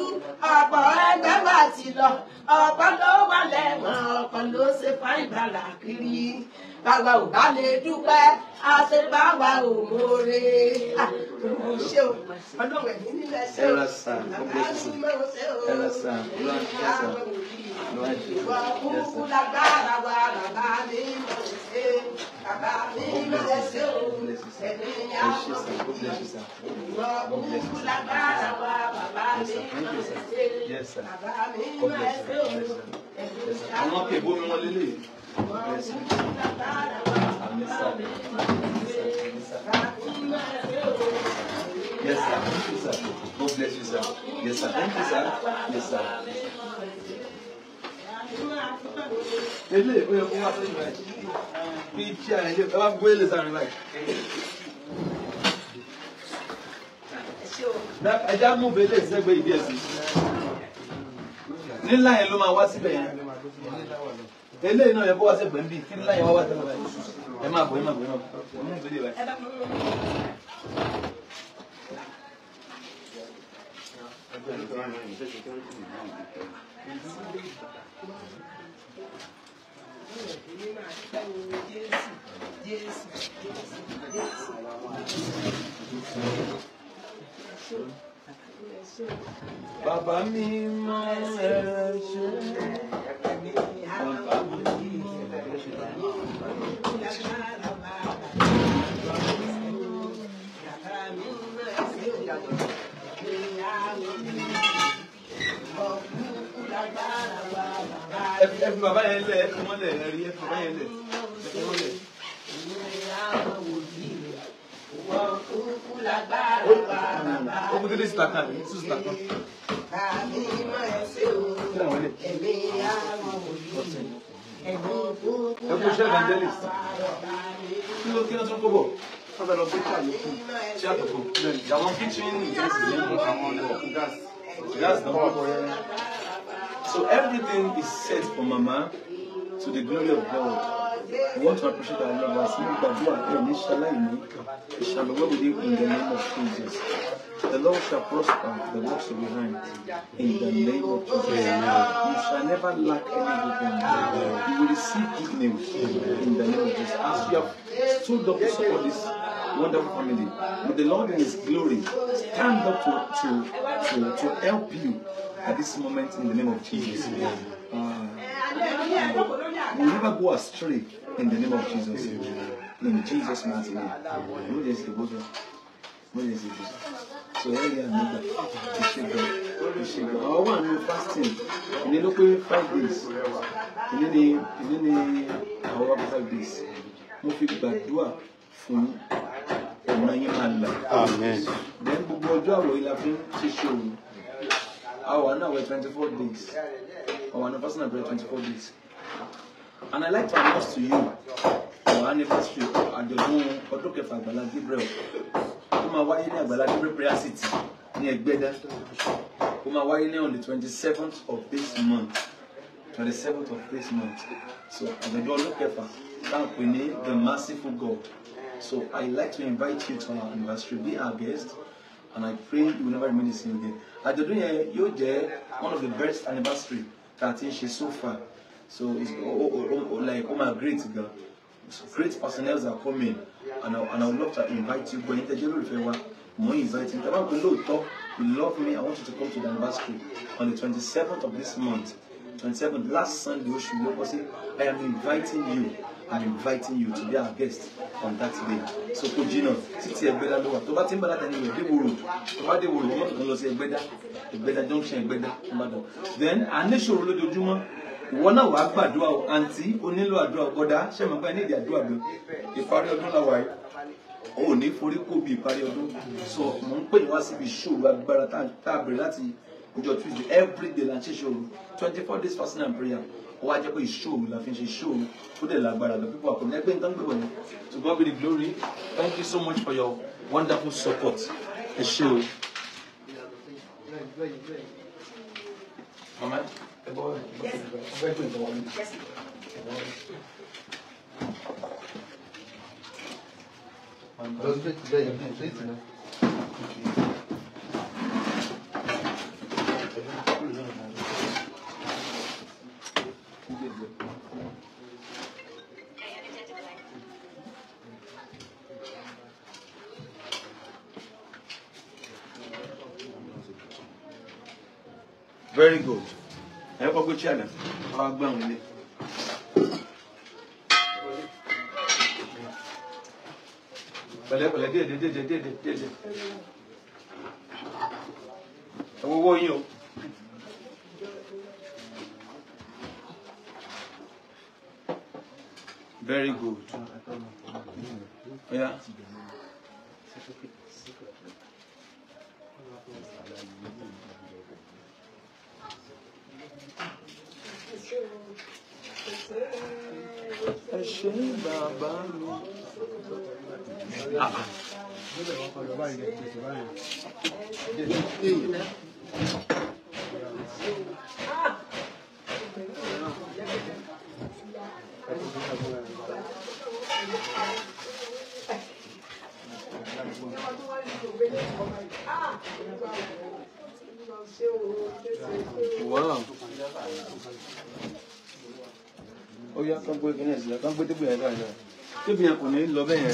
ọ̀pọ̀ ẹgbẹ́ wa ti lọ ọ̀pọ̀ ló wà lẹ́wọ̀n ọ̀pọ̀ ló ṣe fáìn bàlà kiri báwa ò bá lè dúpẹ́ àṣepáwa ò mọ̀re àwọn ṣé o ọlọ́run ẹ̀mí nílẹ̀ ṣé o àbáṣúmọ̀ ṣé o àwọn òbí ìwà kúkú lágbára wa làbá ní ìmọ̀ ṣe. Yes, sir. God bless you, sir. Yes, sir. Thank you, sir. Yes, sir ilé ìwé ẹ̀kọ́ wá sí ìgbà yìí bí tí a ilé ẹ bá gbé lè sáré báyìí. ẹja mú bẹ́ẹ̀ lè sẹ́gbẹ́ ìdí ẹ̀sìn nílá yẹn ló máa wá síbẹ̀ yẹn eléyìí náà yẹ kó wá sẹ́gbẹ̀ẹ́ níbí kí nílá yẹn wá wá tẹ́lẹ̀ báyìí ẹ máa bọ̀ ẹ máa Thank you. Bàbá mi mọ mi ẹ fi bàbá yẹn lẹ ẹ fi wọn lẹ ẹ rí ẹ fi bàbá yẹn lẹ ẹ fi wọn lẹ. ó kúndé ní sita kan ní sùn sita kan. Tàbí máa ń ṣe òun, ẹ̀mí àwọn òbí, ẹ̀gbọ́n kúkú lábára bàbá mi. Kí ló kí ló tún kó bọ̀? Fọ́nà lọ gbé káàlù kù, ṣé àtọ̀kọ̀? Àwọn kíchìnì ìjẹ́sìn ní àwọn gáàsì. Gáàsì náà wà bọ̀ yẹn. So everything is set for Mama to the glory of God. We want to appreciate our lovers, know that you are in Ishalaini, it shall be well with you in the name of Jesus. The Lord shall prosper the works of your hand in the name of Jesus. Amen. You shall never lack anything. You will receive good news in the name of Jesus. As you have stood up to support this wonderful family, with the Lord in His glory, stand up to, to, to, to help you at this moment in the name of Jesus. Uh, we never go astray in the name of Jesus. In Jesus' mighty name. Mo lè ṣe gbọ́dọ̀. Mo lè ṣe gbọ́dọ̀. So ẹ should go. gbà. should go. Àwọn wà nínú fasting. Ìní ló pé five days. Ìní need. ìní ni àwọn wà five days. Mo fi gbàdúrà fún ọ̀nà yín máa là. Amen. Bẹ́ẹ̀ gbogbo ọjọ́ àwọ̀ yìí la fi ń ṣe òun hour oh, now we're 24 days our anniversary now we're 24 days and i like to announce to you our anniversary àjọ̀dún ọdún kẹfà Àgbàlá Gabriel ó máa why you Àgbàlá Gabriel prayer city ní Ẹgbẹ́dá ó máa wáyé ní on the 27th of this month 27th of this month so and the àjọ̀dún look kẹfà táwọn pè ní the merciful God so i like to invite you to our anniversary be our guest and I pray you will never remain the same again àjọ̀dún yẹn yóò jẹ́ one of the best anniversary that a ti ṣe so far so it's oh, oh, oh, oh, like oh my great gan so great personnel are coming and I, and I would love to invite you gbọ́n yín tẹ́jọ́ lórí fẹ́ wa mo ń invite you tẹ́lá pé lóòótọ́ you love me I want you to come to the anniversary on the twenty seventh of this month twenty seventh last Sunday oṣù yóò kọ́ I am inviting you i'm inviting you to be our guest on that day So, soko jina títí ẹgbẹ́dá ló wà tó bá ti ń bá láti ẹnìyàn dé wòrò tó bá dé wòrò wọ́n tún lọ sí ẹgbẹ́dá ẹgbẹ́dá junction ẹgbẹ́dá ìbàdàn then àníṣòro lójoojúmọ́ ìwọ náà wàá gbàdúrà o àǹtí o nílò àdúrà ọ̀gọ́dá sẹ́mi pé ní ìdí àdúrà mi ìparí ọdún làwà yìí o ò ní forí kó bí ìparí ọdún sọ mò ń pè ní wá síbi ìṣòro agbára tá a bẹ̀rẹ̀ láti ọjọ́ Tuesday every day la ń ṣe ìṣòro twenty four days fasting and prayer wá jẹ́ pé ìṣòro la fi ṣe ìṣòro ó dẹ̀ lágbára lọ pípọ̀ àkọ́mí ẹgbẹ́ nǹkan to God be the glory thank you so much for your wonderful support ẹ ṣé mama ẹ bọ́ ẹ bọ́ ẹ pè é wọlé. Dois vezes, dois vezes, very good ẹ kọ́ gbé chair náà wọ́n á gbé àwọn ilé. pẹ̀lẹ́pẹ̀lẹ́ déédéé déédéé déédéé déédéé ẹ wo owó yín o. Very good. Yeah. ẹ ah, ah. Wow ó yá kán gbé kíní ẹ̀sìn kán gbé débò yẹn báyìí náà tóbi yẹn kò ní lọ bẹ́ẹ̀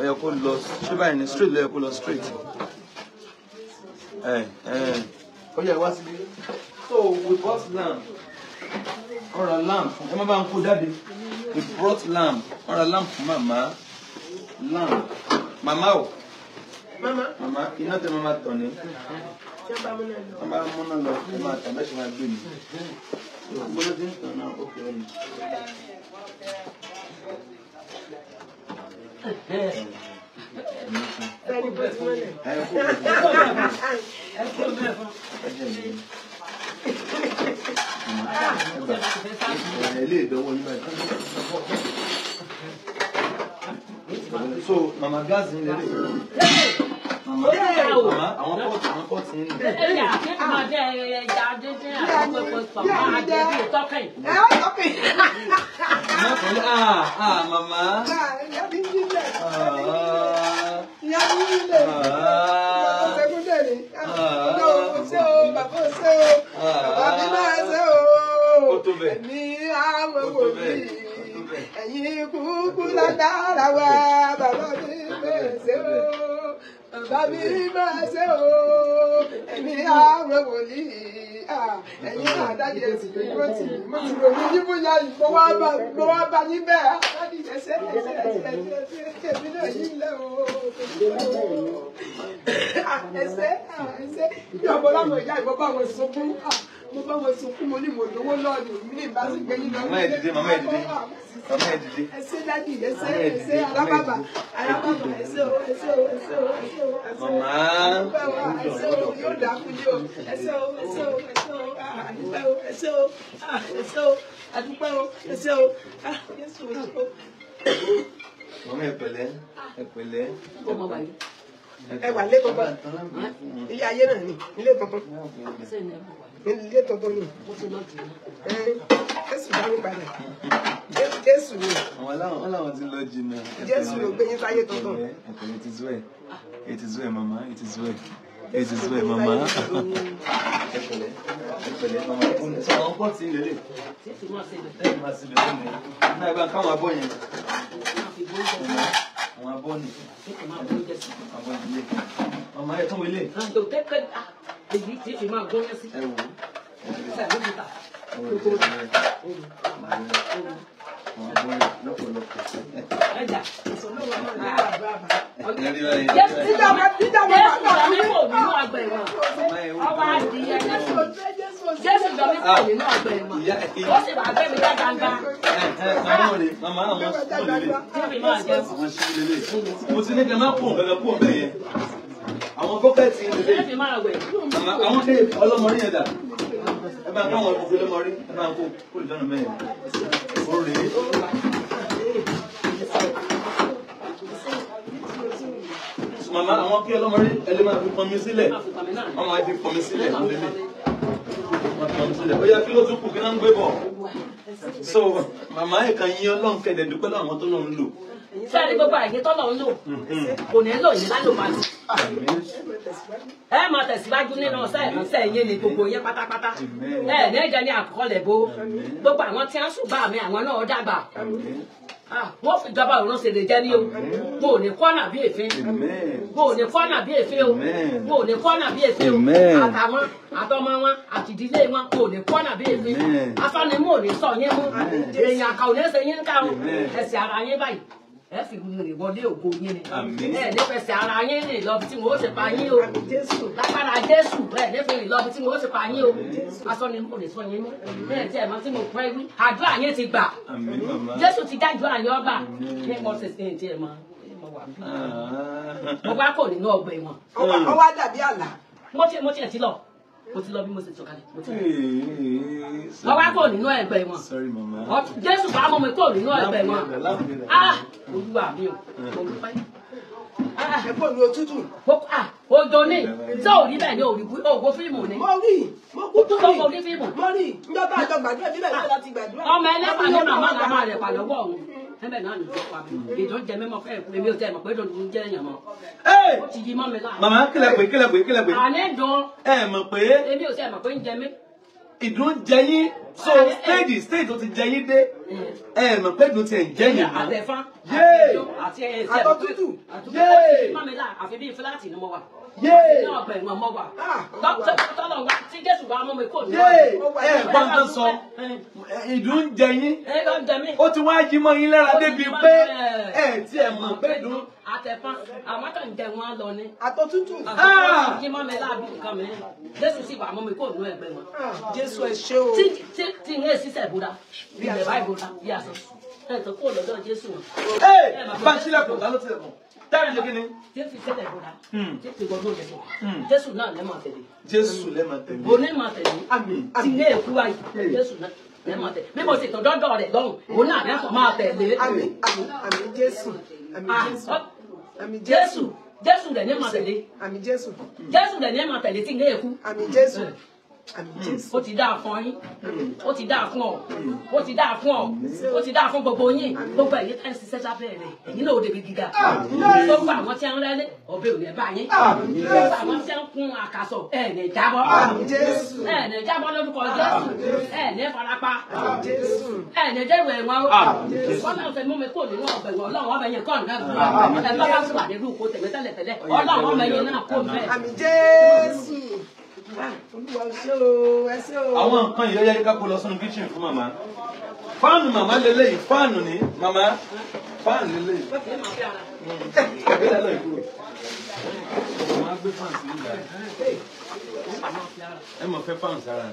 yẹn ó kó lọ ṣé báyìí ní straight ló yẹ kó lọ straight ẹ ẹ ó yẹ wá síbi so we brought lamb ọ̀rọ̀ lamb ẹ má bá ń kó jáde we brought lamb ọ̀rọ̀ lamb fún màmá lamb màmá o màmá iná tẹ màmá tọ̀ ní màmá múná lọ ẹ má tẹ̀ mẹ́sàn-án gbé mi gbọ́dọ̀ tí ń tàn náà ó kẹ́ ọ́nà. So, Mama Gazin, bẹ́ẹ̀ o àwọn pọ́ọ̀tù àwọn pọ́ọ̀tù ń bẹ̀. ẹ̀yà àkẹ́kọ̀ọ́dẹ ẹ̀yà àdéjẹ́ àwọn pẹpẹ pàmò àdébí tọ́kẹ̀. ẹ ọ tọ́kẹ̀. ah ah màmá. ìyá mi ń bílẹ̀. ìyá mi ń bílẹ̀. ọ̀sẹ̀ gúndẹ̀ ni. ọ̀sẹ̀ o bàbá ọ̀sẹ̀ o bàbá mi náà ọ̀sẹ̀ o. ó tó bẹ̀. ní àwọn wòlíì ẹ̀yin kúkú lágbára wa bàbá mi bẹ̀ o bàbí máa ṣe o èmi àárọ̀ wòlíì ẹ̀yin àdájọ́ ẹ̀sìn tó dúró tì mí mo ti rò ní yín bóyá mo wá bá yín bẹ́ẹ̀ àdájọ́ ẹ̀sẹ̀ ẹ̀sẹ̀ ẹ̀sẹ̀ ẹ̀sẹ̀ èmi náà yín lẹ́ o ẹsẹ ah, ẹsẹ bí ọmọ láwọn ìyá ìbọn bá wọn sunkún ah, mo bá wọn sunkún mo ní mo lówó lọ́ọ̀nù mi ní ìbáṣe gbé yín lọ ní ilé mama ìdílé mama ìdílé ẹsẹ dádì ẹsẹ ẹsẹ alábàbà alábàbà ẹsẹ o ẹsẹ o ẹsẹ o ẹsẹ o ẹsẹ o mama ẹsẹ o yóò dákú ní o ẹsẹ o ẹsẹ o ẹsẹ o àdúpẹ́ o ẹsẹ o ẹsẹ o àdúpẹ́ o ẹsẹ o Jésù ẹsẹ o. mama ẹ pẹ̀lẹ́ ẹ pẹ̀lẹ́ ẹ pẹ̀lẹ́ ẹ wà lé bọ́bọ́ ilé ayé náà ni ilé bọ́bọ́ ilé bọ́bọ́ ni jésù bá mi padà jésù ni. wọn làwọn ti lọ jìnnà. jésù ló gbé yín sáyé tuntun. it is well it is well mama it is well it is well mama. ẹ pẹ̀lẹ́ ẹ pẹ̀lẹ́ mama sọ àwọn pọ́ọ̀tì lélẹ̀ ẹ máa ṣe lè lónìí náà ẹ bá káwọn abọ́ yẹn àwọn abọ́ọ̀nì abọ́ọ̀nì ilé ọmọ ayé tán wọlé. Ah, ah, èyí tí èyí máa gbóyún sí. ẹ wò ó mo ti ní kí n má pọ̀ nǹkan àwọn bọ́kẹ́tì ń lè àwọn ọlọ́mọ yẹn dà ẹ máa kó àwọn ọkùnrin ló mọ rí ẹ máa kó kó lè dáná mẹ́rin ó rèé. màmá àwọn kí ọlọ́mọ rí ẹ lè máa fi pọnmi sílẹ̀ wọ́n máa fi pọnmi sílẹ̀ lélẹ̀ ó yẹ kí ló tún kù kí náà ń gbé bọ̀ so màmá ẹ̀ka yín ọlọ́run kẹ̀dẹ̀ dúpẹ́ láwọn tó lọ́n ń lò. ṣé àdé gbogbo àyè tọ́lọ̀ ń lò mm-hmm. kò ní lò yín lálòmálò ẹ máa tẹ̀síwájú nínú ọ̀sẹ̀ yẹn ni gbogbo yẹn pátápátá ẹ lẹ́jẹ̀ ní àkọọ́lẹ̀ bo gbogbo àwọn tí wọ́n sùn bá mi àwọn náà dàgbà wọ́n fi ìjọba òun ṣe lè jẹ́ ní o mo ò ní kọ́nà bí èéfín mo ò ní kọ́nà bí èéfín o mo ò ní kọ́nà bí èéfín o àtàwọn àtọmọ wọn àtìdílé wọn mo ò ní kọ́nà bí èéfín afánimú ò ní sọ yín mú èèyàn àkàwé ṣe yín ká o ẹsẹ̀ ara yín báyìí ẹ fi ìwọlé ògo yín ni ẹ nífẹsẹ̀ ara yín rìn lọ bí tí wọn ṣe pa yín o lágbára jésù ẹ nífẹsẹ̀ rìn lọ bí tí wọn ṣe pa yín o aṣọ ni mo lè sọ yín mọ́ bẹ́ẹ̀ tí ẹ mọ tí mo pẹ́ wí àdúrà yín ti gbà jésù ti dájú àyàn ọgbà ní mo ṣe ṣe ẹ mọ ah. mo wá kò nínú ọgbà ẹ̀wọ̀n. ọwọ́ dàbí àlà. mo ti ẹ̀ ti lọ mo ti lọ bí mo ṣe sọ̀kalẹ̀ mo ti lọ. wá kó nínú ẹgbẹ́ wọn jésù bá mọ̀ mi kó nínú ẹgbẹ́ wọn ah olúwa mi ò olúwa mi ẹ̀kọ́ ni òtútù. Ojo ni tí ò rí bẹ́ẹ̀ ni òrí wí ògo fíìmù ni. Mo rí mo kú tó rí mo rí fíìmù. Mo rí njọ́ta gbàdúrà níbẹ̀ láti gbàdúrà. Ọmọ ẹlẹ́pàá ló nà má rẹ̀ pàlọ́wọ́ òun tẹ́bẹ̀ náà nìjọ pa mi mm. ìjọ jẹ mímọ fẹ́ èmi ò tẹ́ mọ̀ pé dùn ún jẹ́ èèyàn mọ́. mi láàrin. màmá kílẹ̀ so eh, stage stage tó ti jẹ yín dé eh, ẹ mọ̀ pé ló ti ẹ̀ ń jẹ́ yín mọ́ yéé eh, àtọ́tútù yéé àfi bíi fúláàtì ni mo wà yéé ọgbà ẹ̀wọ̀n mo wà ah! tọ́lọ̀ wá tí Jésù bá mọ́ mi kò ní. yéé ẹ gbọ́n tó sọ ìdùn ń jẹ yín ó ti wá jí mọ́ yín lára débi pé ẹ ti ẹ̀ mọ̀ pé dùn àtẹ̀fán àwọn kan jẹ wọn lọ ni. àtọ̀tútù. Ah! àtọ̀tútù kí ah! mọ́ mi láàbí nǹkan mi Jésù sì wà mọ́ mi kò nú ẹgbẹ́ wọn. Jésù ẹ ṣé o tí ìyẹn ìsísẹ̀ bóra ilẹ̀ báyìí bóra bí a sọ ẹ̀ tó kó lọ́dọ̀ Jésù wọn. ee bá ń ṣílẹ̀kùn lálọ́ tilẹ̀kùn táyà ní kíni. jésù tẹ́lẹ̀ bọ̀dá jésù gbọ́dọ̀ yẹ hmm. fún wa hmm. jésù náà lẹ́ máa tẹ̀lé. jésù lẹ́ máa tẹ̀lé. òun lẹ́ máa tẹ̀lé. àmín àmín tí ilé èkú wáyé jésù náà lẹ́ máa tẹ̀lé. bí mo sì tọ́jọ́ dọ̀ rẹ̀ lọ́rùn òun náà lẹ́ máa tẹ̀lé. àmín àmín àmín jésù àmín ah, ah. jésù jésù rẹ̀ ní máa tẹ̀lé. àmín jésù jésù rẹ̀ ní máa tẹ̀lé tí ilé èkú. àmín jésù. Hmm ó ti dáa fún yín ó ti dáa fún ọ ó ti dáa fún ọ ó ti dáa fún gbogbo yín gbogbo ẹ̀yin tẹ́ ń ṣiṣẹ́ sábẹ́ rẹ̀ ẹ̀yin náà ó débi gíga gbogbo àwọn tí ń rẹ́lé ọbẹ̀ ò ní bá yín gbogbo àwọn tí ń kun àkàsọ̀ ẹ̀ jábọ́ ẹ̀ jábọ́ lórúkọ Jésù ẹ̀ farapa ẹ̀ ní jẹ́ ìwé náà fẹ́ mú mi kó olúwa ṣé o ẹ ṣé o. àwọn nǹkan yìí ó yẹ ká kó lọ sínú kíchìn fún màmá fáànù màmá lélẹ́yìí fáànù ni màmá fáànù lélẹ́yìí. ẹ mọ̀ fẹ́ fáànù sára.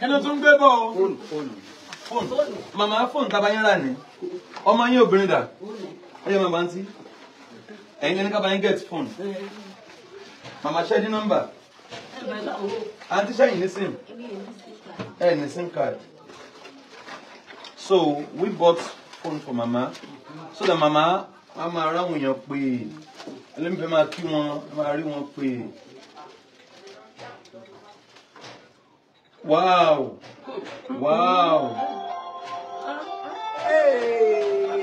Ẹni tó gbé bọ̀ màmá fóònù taba yín rà ní ọmọ yín obìnrin dà ó yẹ màmá ntí ẹ̀yin lẹ́ni kaba yín get fóònù màmá ṣẹ́ dín nọ́mbà àǹtí ṣẹ́yìn ní sim ẹ̀ ní sim card so we bought phone for mama so that mama mama ara wọn yàn pé ẹlẹ́mi fẹ́ máa kí wọn máa rí wọn pé. Wow. Wow. Hey.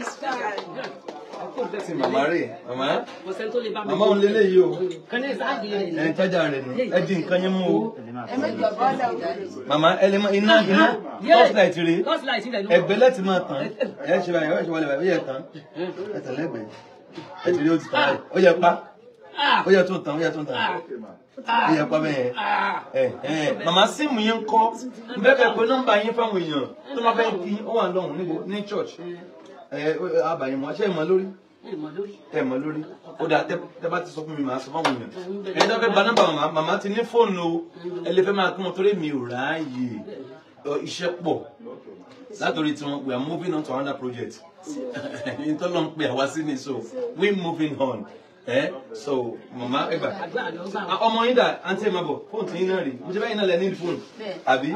It's fine. Màmá rè màmá. Màmá òun lélẹ̀ yìí o. Ẹ̀ ń tọ́jà rẹ̀ nù. Ẹ di nǹkan yín mú o. Màmá ẹ lè mọ iná iná tọ́sílàìtì rè. Ẹgbẹ́ láti máa tàn. Ẹ ṣe báyìí, ẹ ṣe wọlé báyìí, ẹ tàn. Ẹ tàn lẹ́gbẹ̀ẹ́. Ẹ ti rí o ti tàn. Ó yẹ pa ó yẹ tó tán ó yẹ tó tán ó yẹ pa bẹ́ẹ̀ ah. eh, eh. màmá síìmù yín kọ́ bẹ́ẹ̀ pé nọ́mbà yín fáwọn èèyàn tó máa fẹ́ kí ó wà lọ́hùn ní church Eh, abàyìn eh, mọ́ ṣé ìmọ̀ lórí ẹ mọ̀ lórí ó dà tẹ́ bá ti so fún mi màá sọ fáwọn èèyàn ẹni tó fẹ́ gba Mama, màmá ti ní fóònù o ẹ lè fẹ́ máa kí wọn torí mi ò ráàyè iṣẹ́ pọ̀ látòrí tí wọ́n we are moving on to another project nítorí wọ́n ń pè àwa ni so we moving on ẹ eh? so mama ẹ eh, gbà ah, ọmọ yín dà àǹtí ẹ máa bọ fóònù tí yín náà rí mo ṣe báyìí náà lẹ ní fóònù àbí.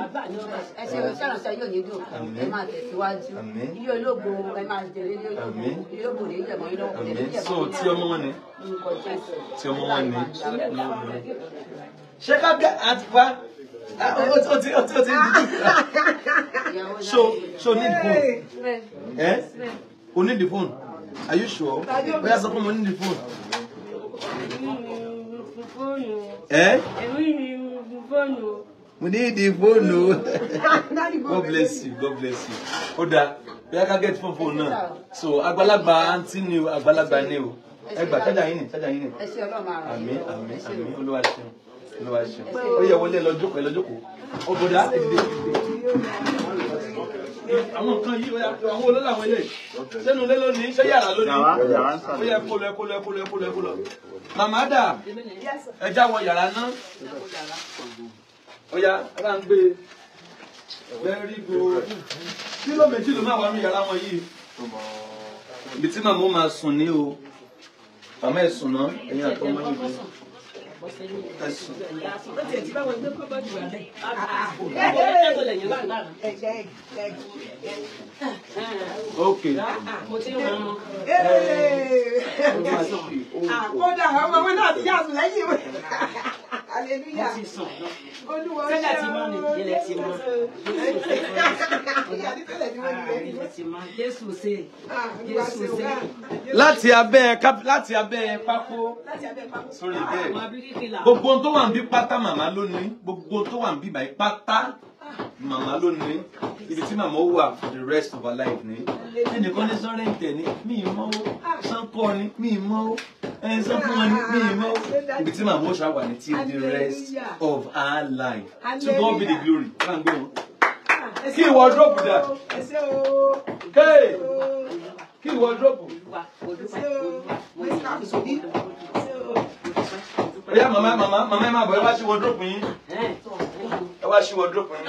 ẹ ìwé sọ̀rọ̀ sọ yóò dùn ẹ máa tẹ̀síwájú ilé ológo ẹ máa jèrè ilé ológo ilé ológo lè jẹ̀mọ́ ilé ológo lè jẹ̀mọ́. so tí ọmọ wọn ni tí ọmọ wọn ni ṣé ká gẹ àtìpá ó ah, ti ó ti ó ti so so need phone ẹ o need phone. Are you sure? Bóyá sọ fún mo ní di fóònù. Ẹ́. Èmi ni mo di fóònù o. Mo ní fóònù God bless you, God bless you. Ó dáa, bóyá ká get fún fóònù náà. So àgbàlagbà àǹtí ni o, àgbàlagbà ni o. Ẹ gbà tájà yín ni, tájà yín ni. Ẹ ṣe ọlọ́run àrùn. Àmín, àmín, àmín, olúwa ṣeun, olúwa ṣeun. Ó yẹ wọlé lọ jókòó, ẹ lọ jókòó. Ó bọ̀dá, ẹ àwọn nǹkan yìí àwọn olóòlà àwọn eléyìí sẹ́nu lé lónìí ṣé yàrá lónìí ó yẹ kó lọ ẹ kó lọ ẹ kó lọ ẹ kó lọ ẹ kó lọ. màmá dà ẹja wọ yàrá náà ọ̀ya ara ń gbé very good kílò méjì ló máa wà ní yàrá wọn yìí ibi tí màmú máa sùn ní o màmá ẹ̀ sùn náà ẹ̀yìn àtọ́ máa ń gbé. Okay. Ah, kódà ọmọ wọn náà ti yá àtúnlẹ́yìn wọn. Alléluia. C'est la timone, il est timone. Jésù ṣe. Ah, Jésù ṣe. Ah, láti abẹ́ láti abẹ́ pákó. Sórí bẹ́ẹ̀. Gbogbo ohun tó wà ń bí pátá màmá lónìí. Gbogbo ohun tó wà ń bí báyìí pátá màmá lónìí ibi tí màmá wà for the rest of her life ni ẹnìkan ní sọ́rẹ́ǹtẹ̀ ni mi ì mọ́wó sánkọ́ ni mi ì mọ́wó ẹn sọ fún wọn ni mi ì mọ́wó ibi tí màmá ṣá wà ní till the rest of her life to God be the glory bá ń gbé wọn. kí ìwọ dọ́pù dà kí ìwọ dọ́pù ọ̀yá mama, mama, mama, ẹ máa bọ̀ ẹ wá sí wọ́dúrópù yín ẹ wá sí wọ́dúrópù yín.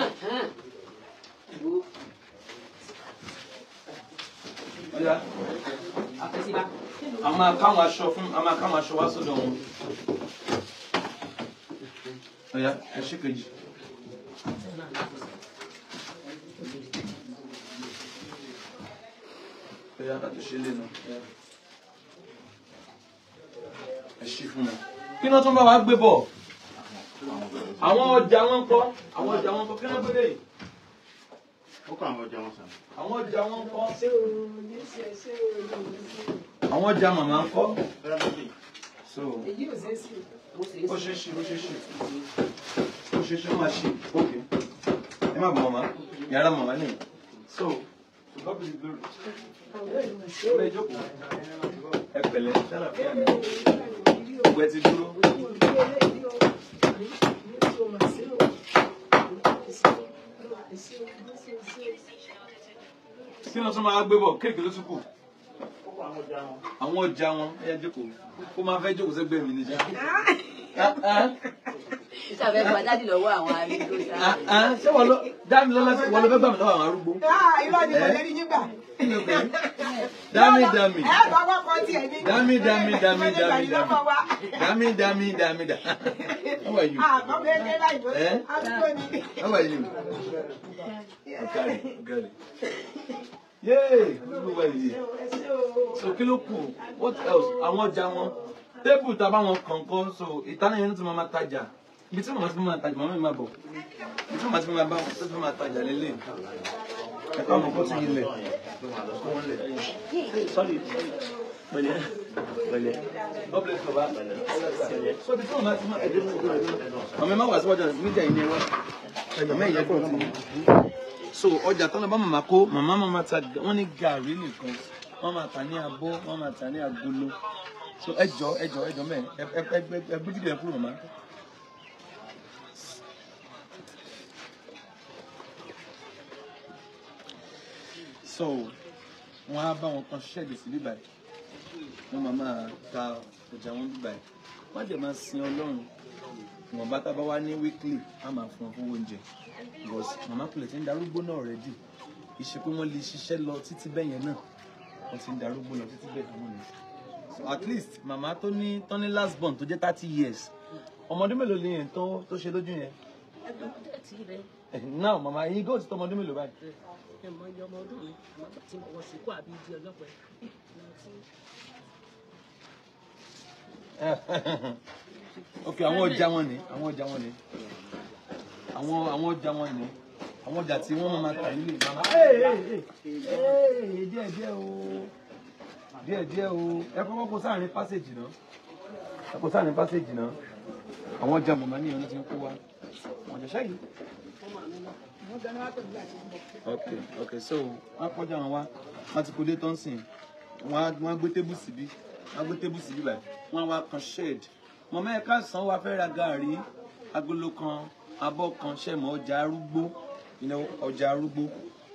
ọ̀yá a máa káwọn aṣọ fún a máa káwọn aṣọ wá sọ́dọ̀ wọn. ọ̀yá ẹ ṣe kejì. ọ̀yá láti ṣe lé nu ẹ ṣí fún mi kí náà tún bá wa gbé bọ̀ àwọn ọjà wọn kọ́ àwọn ọjà wọn kọ́ kí náà gbé dé yìí. ó kọ àwọn ọjà wọn sàn. àwọn ọjà wọn kọ́. àwọn ọjà màmá ń kọ́. èyí ò ṣe é sí. ó ṣe é ṣe ó ṣe é ṣe ó ṣe é ṣe ó máa ṣe òkè ẹ má bọ̀ màmá yàrá màmá nìyí. so to God be the glory. ẹ pẹ̀lẹ́ ṣáà fún mi ìwẹ̀ ti dúró. kí ló tún máa gbé bọ̀ kéèké ló tún kù àwọn ọjà wọn ẹ jókòó kó máa fẹ́ jókòó sẹ́gbẹ̀ẹ́ mi níjà. sàbẹ̀ gba dádì lọ́wọ́ àwọn arúgbó sáà. Ah, ah, ṣé wọ́n lọ dámi lọ́lá sí wọ́n lọ fẹ́ gbà mí lọ́wọ́ àwọn arúgbó. Ah, irọ́ ni wọ́n lé ní yígbà. dami dami dami dami dami dami dami dami dami dami dami how are you. Eh? how are you. ọkàlì ọkàlì. yéé olúwa yìí so kí ló kù what else àwọn ọjà wọn tébù tá a bá wọn kàn kọ́ so ìtàn yẹn ti máa ma tajà ibi tí màmá ti máa tajà màmá mi máa bọ̀ ibi tí màmá ti máa bá wọn tó fi máa tajà lélẹ̀ ẹ̀ka ọmọ kó ti ilẹ̀ sọ́ọ̀dì pẹ̀lẹ́ pẹ̀lẹ́ ọ̀bẹ̀lẹ̀ tó bá pẹ̀lẹ́ so ibi tí màmá ti máa tajà màmá máa wà síwájú níjà ìní ẹwà tajà mẹ́yìn yẹ kọ́ so ọjà tọ́lá bá màmá kó màmá máa ta wọ́n ní gàrí nìkan wọ́n máa tà ní abọ́ wọ́n máa tà ní agolo so ẹjọ́ ẹjọ́ ẹjọ́ mẹ́rin ẹgbẹ́ ẹgbẹ́ ẹgbẹ́ dídì ẹ̀kú màmá. sọ wọn á bá wọn kan ṣẹ́ẹ̀dì sí bíbà yìí wọn máa máa ta ọjà wọn bíbà yìí wọn jẹ máa sin ọlọ́run wọn bá tá a bá wá ní weekly á máa fún wọn oúnjẹ because màmá kùlẹ̀ ti ń darúgbó náà rẹ̀ dì ìṣe pé wọ́n lè ṣiṣẹ́ lọ títí bẹ́ẹ̀ yẹn náà wọ́n ti ń darúgbó lọ títí bẹ́ẹ̀ àwọn nìyẹn so at least màmá tó ní tó ní last born tó jẹ́ thirty years ọmọdún mélòó ni yẹn tó tó ṣe lójú yẹn. ẹgbẹ́ kúndẹ̀ tí rẹ. now màmá yín góòtù tọmọdún mélòó báyìí ẹ mọ iye ọmọ ọdún mi àmọ́ gbà tí mo wọ síkú àbí ìdí ọlọ́pẹ ok àwọn ọjà wọn ni àwọn ọjà wọn ni àwọn àwọn ọjà wọn ni àwọn ọjà tí wọn máa tà nílé ìgbà. díẹ̀ díẹ̀ o díẹ̀ díẹ̀ o ẹ kọ́kọ́ kó sáàrin pásèjì náà ẹ kó sáàrin pásèjì náà àwọn ọjà mọ̀mọ́ ní ìyọnu ti ń kó wa ọ̀jọ̀ṣẹ́ yìí ok ok so wọn kọjá wọn wá wọn ti kó dé tán sìn wọn gbé tébù síbí wọn gbé tébù síbí báyìí wọn wá kan shade mọ̀mọ́ ẹ̀ka sàn wá fẹ́ ra gàárì agolo kan abọ́ kan ṣẹ̀mọ́ ọjà arúgbó ọjà arúgbó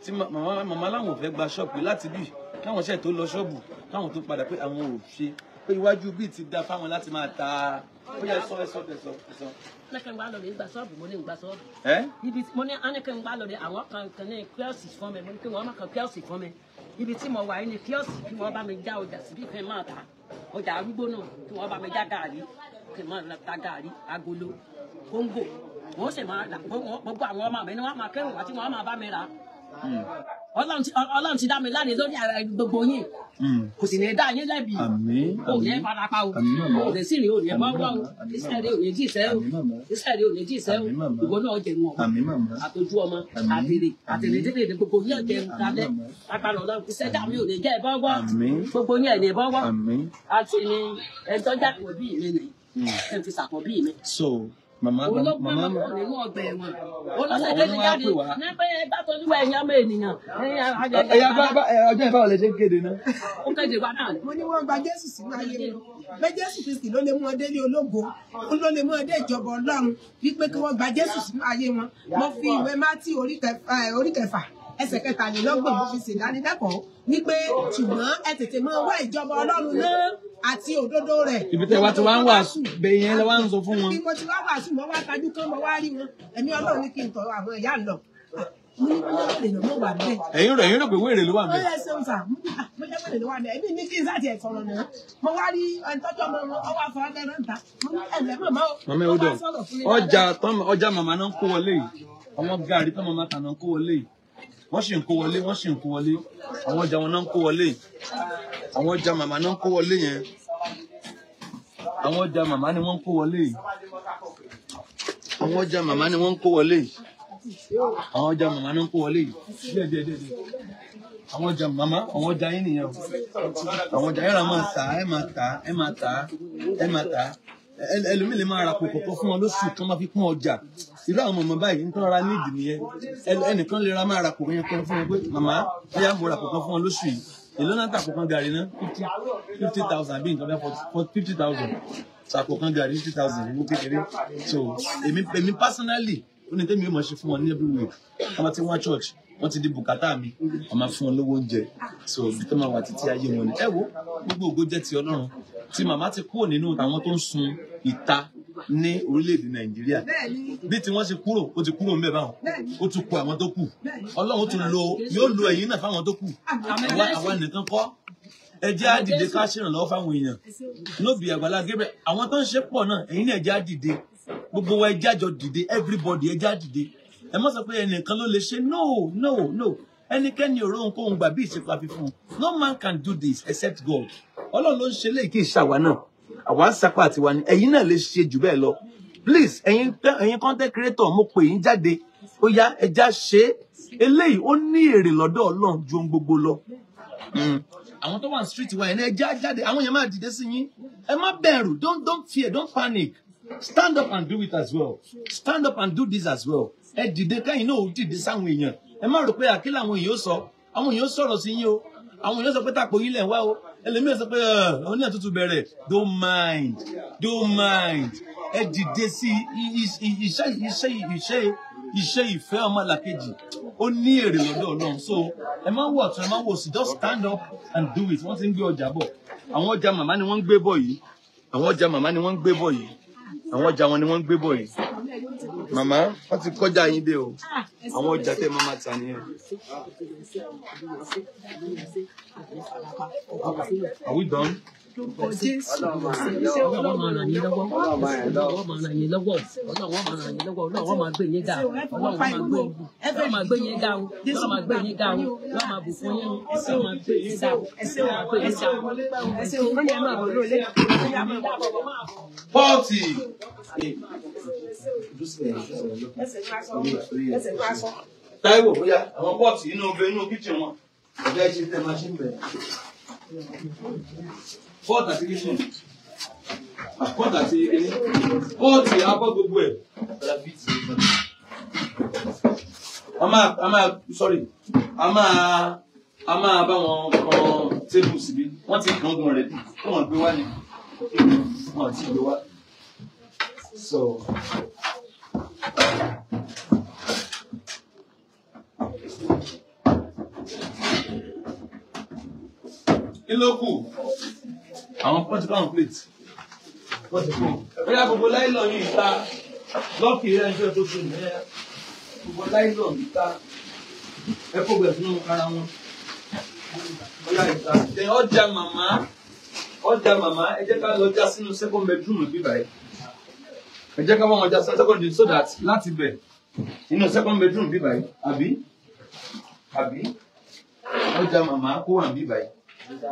tí màmá láwọn ò fẹ́ gba ṣọ́ọ̀bù láti bì káwọn ṣẹ̀ tó lọ ṣọ́ọ̀bù káwọn tó padà pé àwọn ò ṣe pé iwájú bíi ti da fáwọn láti máa ta ó yẹ sọ ẹ sọ ẹ sọ ẹ sọ. nẹ́kẹ̀ ń gbá lọ rẹ̀ gba sọ́ọ̀bù mo ní gba sọ́ọ̀bù. ẹ. ibi mo ní anẹ́kẹ̀ ń gbá lọ rẹ̀ àwọn kan kan ní kíọ́sì fún mi mo ní kí wọ́n máa kan kíọ́sì fún mi ibi tí mo wà yìí ni kíọ́sì kí wọ́n bá mi já ọjà síbí fẹ́ máa ta ọjà arúgbó náà kí wọ́n bá mi já gàárì kí n máa ta gàárì agolo kóńgò wọ́n sì máa gbogbo àwọn ọmọ mi ni wọ́n máa kẹ́rù wá tí wọ́n máa bá mi rà. Hmm ọlọ́run ti dá mi láre lórí ara gbogbo yín hmm. kò sì ní dá yín lẹ́bi kò ní farapa o kò ní sì rí òní ẹ̀ mọ́gbọ́n o ìsẹ̀rí òní jì sẹ́ o ìsẹ̀rí òní jì sẹ́ o ìwọ náà jẹ wọn àtọjú ọmọ àtẹrẹ àtẹrẹ gbogbo yín ọjẹ dalẹ agbára ọlọ́run iṣẹ́ dá mi ò ní jẹ ẹ bọ́gbọ́ gbogbo yín ẹ̀ ní bọ́gbọ́ àti ní ẹjọ́ jáde òbí mi nì hmm. ẹ̀ fi sàkọ́ bí mi olóògbọ́n náà nínú ọgbà ẹ̀wọ̀n olóṣèkéde jáde nígbà yẹn bá tọ́jú wa ẹ̀yàn ọmọ ènìyàn. ẹ̀yà ọjọ́ ìfẹ́ ọ̀lẹ́sẹ̀ ń kéde náà. ó kéde wa náà. mo ní wọ́n gba Jésù sínú ayé wọn bẹ́ẹ̀ Jésù Kristi lè mú mo fi ìwé eh, wípé ṣùgbọ́n ẹ tètè máa wá ìjọba Ọlọ́run náà àti òdodo rẹ̀. ibi tẹ́ wá ti wá ń wàásù bẹ́ẹ̀ yẹn lọ́wọ́ ń sọ fún wọn. bí mo ti wá wàásù mo wá tajú kán mo wá rí wọn ẹ̀mí ọlọ́run ní kí n tọrọ àwọn ẹ̀yà lọ. ẹ̀yin rẹ̀ ẹ̀yin rẹ̀ pé wéèrè ló wà bẹ́ẹ̀. ó yẹ ṣeun sà mo ah, jẹ́ wéèrè ló wà bẹ́ẹ̀ ẹ̀mí ní kí n sáà tiẹ̀ sọ̀rọ̀ náà mo wá rí ẹ̀ńtọ́jọ́ mo rán ọwọ́ afọ ọ̀gá náà ta mo ní ẹ̀lẹ́ màmá o. màmá ẹ̀ ọjà màmá náà ń kó wọlé yìí àwọn gàrí tó wọ́n sì ń kó wọlé wọ́n sì ń kó wọlé àwọn ọjà wọn náà ń kó wọlé àwọn ọjà màmá náà ń kó wọlé yẹn àwọn ọjà màmá ni wọ́n ń kó wọlé àwọn ọjà màmá ni wọ́n ń kó wọlé àwọn ọjà màmá ni wọ́n ń kó wọlé àwọn ọjà màmá àwọn ọjà yín nìyẹn o àwọn ọjà yín ra máa tà ẹ máa tà ẹ máa tà ẹ máa tà ẹlòmíì lè máa ra kòkòkò fún wọn lóṣù tó máa fi kún ọjà irú àwọn ọmọ báyìí nítorí ara nídìí nìyẹn ẹnìkan lè ra máa ra kò yẹn kan fún wọn pé màmá bóyá mo ra kò kan fún wọn lóṣù yìí èló náà tàpọ̀ kan gàrí náà fifty thousand àbí nǹkan bẹ́ẹ̀ fifty thousand tàpọ̀ kan gàrí fifty thousand owó kékeré so èmi èmi personally ó ní tẹ́mi yóò mọ̀ ṣe fún wọn ní every week wọ́n ti wá church wọ́n ti di bùkátà mi wọ́n máa fún wọn lówó oúnjẹ so ibi tó máa wà títí ayé wọn ni ẹ wo gbogbo ògo jẹ́ ti Ọlọ́run tí màmá ti kúrò nínú àwọn tó ń sun ìta ní orílẹ̀-èdè nàìjíríà bí tí wọ́n ṣe kúrò ó ti kúrò ńbẹ̀ báwọn ó tún kó àwọn tó kù ọlọ́run tún lo yóò lo ẹ̀yìn náà fáwọn tó kù àwa nìkan kọ́ ẹ jẹ́ á dìde ká ṣèrànlọ́wọ́ fáwọn èèyàn lóbi Àgbàlá Gabriel àwọn tó ń ṣe pọ̀ náà ẹ̀yin náà ẹ jẹ́ á dìde gbogbo wa ẹ jẹ́ á jọ dìde everybody ẹ jẹ́ á dìde ẹ má sọ pé ẹnìkan ló lè ṣe no no no ẹnikẹ́ni òró ohunkóhun gbà bí ìṣèpàfífún no man can do this except God ọlọ́run ló ń ṣe léèkì ìṣàwá náà àwa sapa àti wa ni ẹ̀yin náà lè ṣe jù bẹ́ẹ̀ lọ please ẹ̀yin ẹ̀yin content creator mo pè yín jáde ó yá ẹja ṣe eléyìí ó ní èrè lọ́dọ̀ Ọlọ́run ju ohun gbogbo lọ hmm. àwọn tó wà ní street wa yẹn ẹja jáde àwọn yẹn máa dìde sí yín ẹ má bẹ̀rù don't don't fear don't panic stand up and do it as well stand up and do this as well ẹ dìde kẹ́yìn náà ó dìde sáwọn èèyàn ẹ má rò pé àkílà àwọn èèyàn sọ àwọn èèyàn sọ̀rọ̀ sí yín o àwọn èèyàn sọ pé tàpọ̀ yín lẹ̀ ń wá o ẹlẹ́mìíràn sọ pé ọ̀hún náà tuntun bẹ̀rẹ̀ don't mind don't mind ẹ dìde sí iṣẹ́ iṣẹ́ iṣẹ́ iṣẹ́ ìfẹ́ ọmọlàkejì ó ní èrè lọ́dọ̀ ọlọ́run so ẹ máa ń wọ̀ ọ̀tún ẹ máa ń wọ̀ sí just stand up and do it wọ́n ti ń gbé ọjà bọ̀ àwọn ọjà màmá ni wọ́n ń gbé bọ̀ yìí àwọn ọjà màmá ni wọ́n ń gbé bọ̀ yìí àwọn ọjà wọn ni wọ́n ń gbé bọ̀ yìí màmá wọn ti kọjá yín dé o àwọn ọjà tẹ màmá ta nìyẹn. Are we done? Forty. Táíwò bóyá àwọn pọ́ọ̀tì inú obìnrin inú kíchìn wọn ọ̀gá ẹ̀ ṣe tẹ machine bẹ̀rẹ̀. Pọ́ọ̀tì àti kíchìn. Ah, pọ́ọ̀tì àti kíní. Pọ́ọ̀tì abọ́ gbogbo ẹ̀. A máa a máa sorry a máa a máa bá wọn kan tébù síbi wọ́n ti kàn gùn rẹ̀ wọ́n gbé wá ni wọ́n ti gbé wá. So. Ilókù, àwọn pọ́ǹtì báwọn plate. Pọ́ǹtì fún. Bóyá gbogbo láìlọ yìí ìta lọ́ọ̀kì rẹ̀ ń ṣe tó fi nìyẹn. Gbogbo láìlọ yìí ìta ẹ̀kọ́ gbẹ̀ fún ara wọn. Bóyá ìta. Ṣé ọjà màmá ọjà màmá ẹ jẹ́ ká lọ já sínú second bedroom bíbáyìí ẹ jẹ́ ká wọ́n ọjà second so that láti bẹ̀ inú second bedroom bí báyìí àbí àbí ọjà màmá kó wà bí báyìí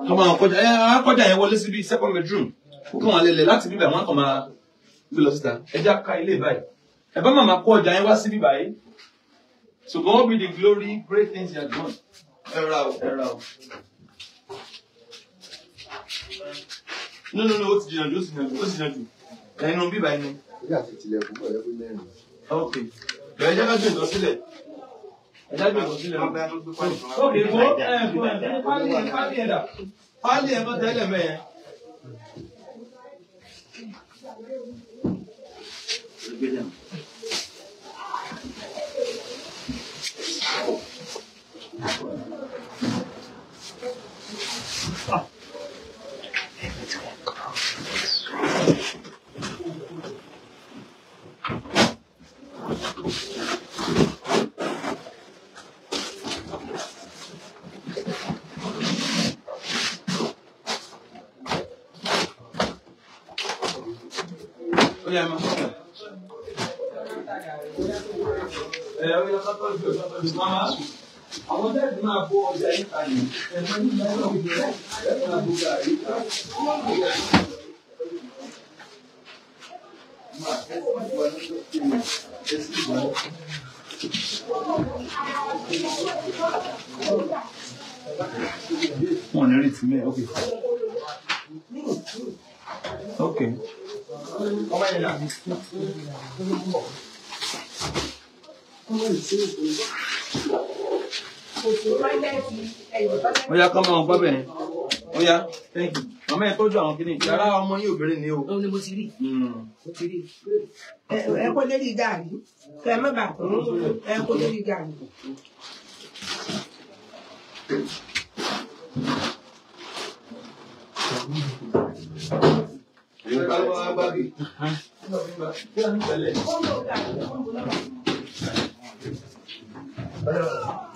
kọ́ máa kọjá ẹ á kọjá yẹn wọlé síbi second bedroom kó kàn wọ́n lélẹ̀ láti bí báyìí wọ́n kàn máa gbé lọ síta ẹ jẹ́ ká ilé báyìí ẹ bá màmá kó ọjà yẹn wá síbi báyìí so go be the glory great things you have done ẹ ra o ẹ ra o. No, no, no, ó ti jìnnà jù, ó ti jìnnà jù, ó ti jìnnà jù ẹnu bíbá ni. ilé àti tilẹ̀kùn bọ̀ ẹ̀kú mẹ́rin. ok bẹ̀rẹ̀ jẹ́ ká gbé ìtọ́ sílẹ̀ ẹ̀dá gbé ìtọ́ sílẹ̀ ok mo pálí ẹ̀ pálí ẹ̀ dà pálí ẹ̀ tó tẹ́lẹ̀ mẹ́yẹn. Ah. wọn máa sùn àwọn tẹ́ẹ̀tì máa bó ọjà yìí kalẹ̀ ẹ̀fọn ní ìgbà tó gbé tẹ́ẹ̀tì máa bó gàrí wọn ní retí mẹ ok ok. ó yá kọ́mọ ọgbọ́n bẹ̀rẹ̀ ó yá thank you màmá ẹ̀ tọ́jú àwọn kìnnìkan yàrá ọmọ yín obìnrin ni o. ó ní mo ti rí mo ti rí ẹ kó lérí gàrí kẹ má bàa kún ẹ kó lérí gàrí. Thank you.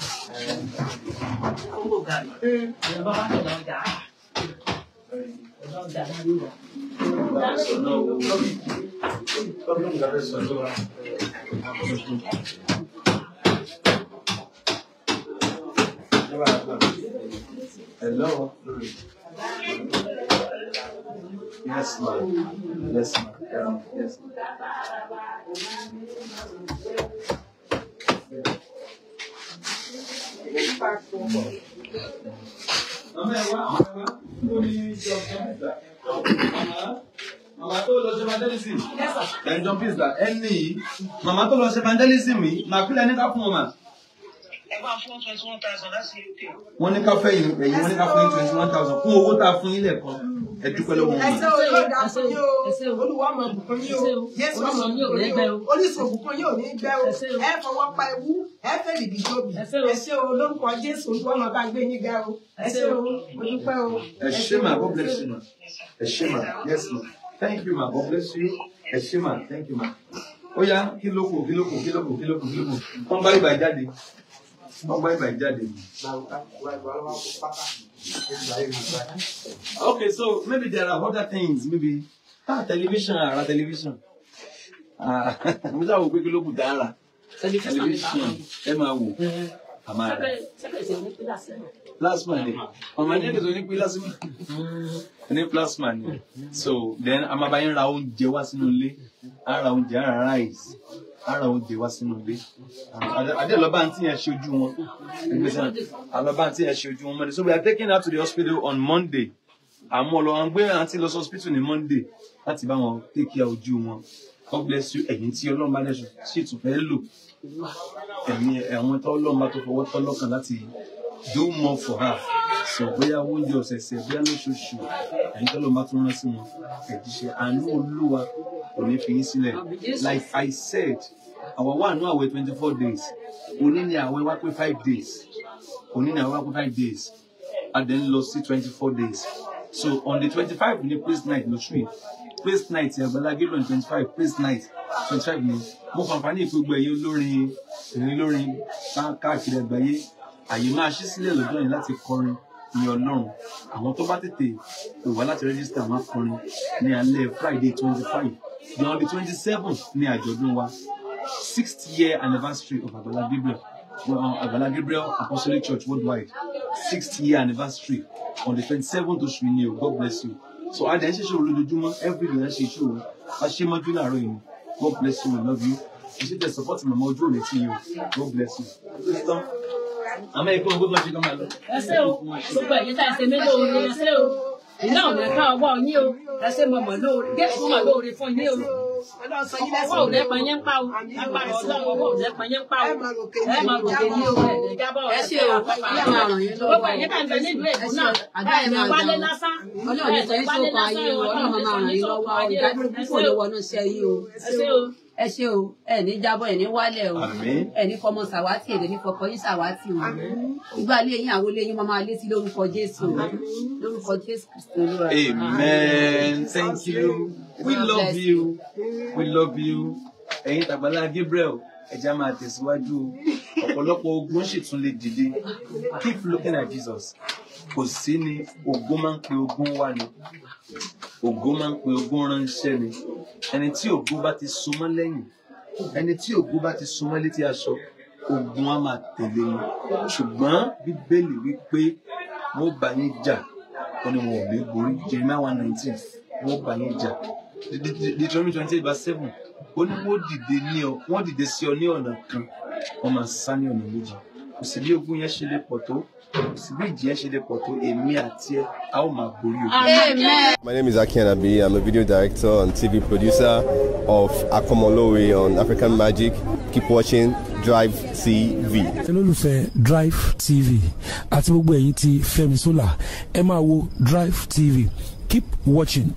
Kóńgò gàdì. Ìjọba wà Yes, ma'am. Yes, ma'am. Yes, ma'am. Màmá tó lọ ṣe vandalism. Ẹ̀jọ̀ pizza ẹni yìí. Màmá tó lọ ṣe vandalism yìí. Màkúlẹ̀ ní ká fún ọmọ. Ẹ máa fún twenty one thousand láti UK. Wọ́n ní ká fẹ́ yìí, ẹ̀yìn wọ́n ní ká fún twenty one thousand fún owó tá a fún yín lẹ́ẹ̀kan ẹ dúpẹ́ lọ́wọ́ wọn. ẹsẹ o yóò dá fún yín o olúwa máa bùkún yín o yéésù máa bùkún yín o orísun òbùkún yín ò ní gbẹ o ẹ fọwọ́ pa ewu ẹ fẹ́ lìbí tóbi ẹsẹ o lórúkọ jésù olúwa máa bá gbé yín ga o ẹsẹ o mo dúpẹ́ o. ẹ ṣé ma God bless you ma ẹ ṣé ma yes ma thank you ma God bless you ẹ ṣé ma thank you ma ó yá kí ló kù kí ló kù kí ló kù kí ló kù kí ló kù kọ́ńbárì bá jáde ọgbà ìbà ìjáde. okay so maybe there are other things maybe ah television ara television ah mo sábà pé kí ló kù dára television ẹ máa wò mm-hmm. àmàlà plasma ni ọmọ ẹ̀jẹ̀ tó ní plasma ní plasma ni so then a máa bá yín ra oúnjẹ wá sínú ilé a ra oúnjẹ a ra rice a ra oúnjẹ wá sínú ilé adé lọ́ba àǹtí yẹn ṣe ojú wọn alọ́ba àǹtí yẹn ṣe ojú wọn mọ́ni so we are taking her to the hospital on Monday àmọ́ lọ àwọn gbé àǹtí lọ sí hospital ní Monday láti bá wọn take care ojú wọn God bless you ẹ̀yin tí Ọlọ́run bá lẹ́sùn sì tún fẹ́ lò ẹ̀yin ẹ̀wọ̀n tó Ọlọ́run bá tó fọwọ́ tọ́ lọ́kàn láti do more for her sọ bóyá oúnjẹ ọ̀sẹ̀ọ̀sẹ̀ bóyá lóṣooṣù ẹ̀yin tó ló máa tún rán sí wọn ẹ̀jíṣẹ́ àánú olúwa kò ní fi yín sílẹ̀ like I said àwa wà nú àwẹ̀ twenty four days òní ni àwẹ̀ wá pé five days òní ni àwẹ̀ wá pé five days a dẹ̀ ń lọ sí twenty four days so on the twenty five ni praise night lóṣù yìí praise night Agbala Gabriel twenty five praise night twenty five ni mo fàǹfààní ìpégbọ̀ ẹ̀yìn olórin ìrìn olórin káàkiri àgbáyé àyè máa ṣí sílẹ̀ lọ́jọ́ yìí láti kọrin ní ọlọ́run àwọn tó bá tètè pè wá láti rẹ́gísítà máa kọrin ní alẹ́ friday twenty five ní ọdún twenty seven ní àjọ̀dún wa sixth year anniversary of Agbala Gabriel Agbala uh, Gabriel Apostolic Church worldwide sixth year anniversary on the twenty seventh oṣù yìí ni o god bless you so adé ṣe ṣòro lójoojúmọ́ every day ṣe ṣòro a ṣe mọ́jú láàárọ̀ yìí god bless you we love you you should just support mama ojú òní tí yìí god bless you àmọ́ ikú ogún kan ṣe kọ́ máa lọ. ẹ ṣé o gbogbo ẹ̀yin tá ẹ ṣe mí lóore ẹ ṣé o iná ò lè ká ọwọ́ yín o ẹ ṣé mo mọ̀ lóore gẹ́gẹ́ mo mọ̀ lọ́ọ̀rẹ́ fún yín o. ọwọ́ ò lẹ́pọ̀ yẹn ń pa o agbára ọlọ́run ọwọ́ ò lẹ́pọ̀ yẹn ń pa o ẹ máa ròkè ní o ẹ jábọ̀ ẹ ṣé o gbogbo ẹ̀yin tá ẹ bẹ nílùú èkó náà ẹ máa wálé lásán ọlọ́run ẹ̀ tẹ̀ ń ṣòkò ayé o ọlọ́run máa ràn yín lọ́wọ́ ẹ ṣe o ẹ ní jábọ̀ ẹ ní wálẹ̀ o ẹ ní fọmọ sàwátì ẹ ní fọkọ yín sàwátì o ìgbà lé yín àwọn lẹ́yìn máa lé sí lórúkọ Jésù lórúkọ Jésù Kristi Olúwa. amen thank you we love you we love you ẹ̀yin tàgbàlá Gabriel ẹja máa tẹ̀síwájú ọ̀pọ̀lọpọ̀ ogun ṣètúnlẹ̀ dìde keep looking at Jesus kò sí ni ogún máa ń pe ogún wá ni ogún máa ń pe ogún ránṣẹ́ ni ẹni tí ogún bá ti súnmọ́ lẹ́yìn ẹni tí ogún bá ti súnmọ́ létí aṣọ ogun á máa tẹ̀lé mi ṣùgbọ́n bíbélì wípé wọ́n bá yín jà wọ́n ní wọn ò lè borí jeremiah one nineteen wọ́n bá yín jà deuteronomy twenty eight verse seven ó ní wọ́n dìde ní ọ wọ́n dìde sí ọ ní ọ̀nà kan wọ́n máa sá ní ọ̀nà méjì kò sì bí ogun yẹn ṣe lè pọ̀ tó My name is Aki Anabi. I'm a video director and TV producer of Akomolowe on African Magic. Keep watching Drive TV. olólùfẹ́ Drive TV àti gbogbo ẹ̀yin tí Fẹ́mi Sola ẹ wo Drive TV. Keep watching.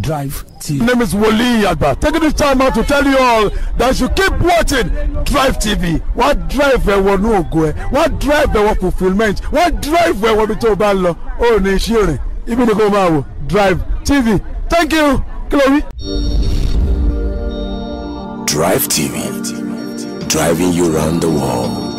Drive TV. My name is Wole Agba. Taking this time out to tell you all that you keep watching Drive TV. Wọ́n drive ẹ̀wọ̀n ní ògo ẹ̀, wọ́n drive ẹ̀wọ̀n fulfilment, wọ́n drive ẹ̀wọ̀n bí tó o bá lọ, ó ní iṣẹ́ rìn, ibi ni kò máa wò Drive TV. Thank you, Chloe. Drive TV, driving you round the world.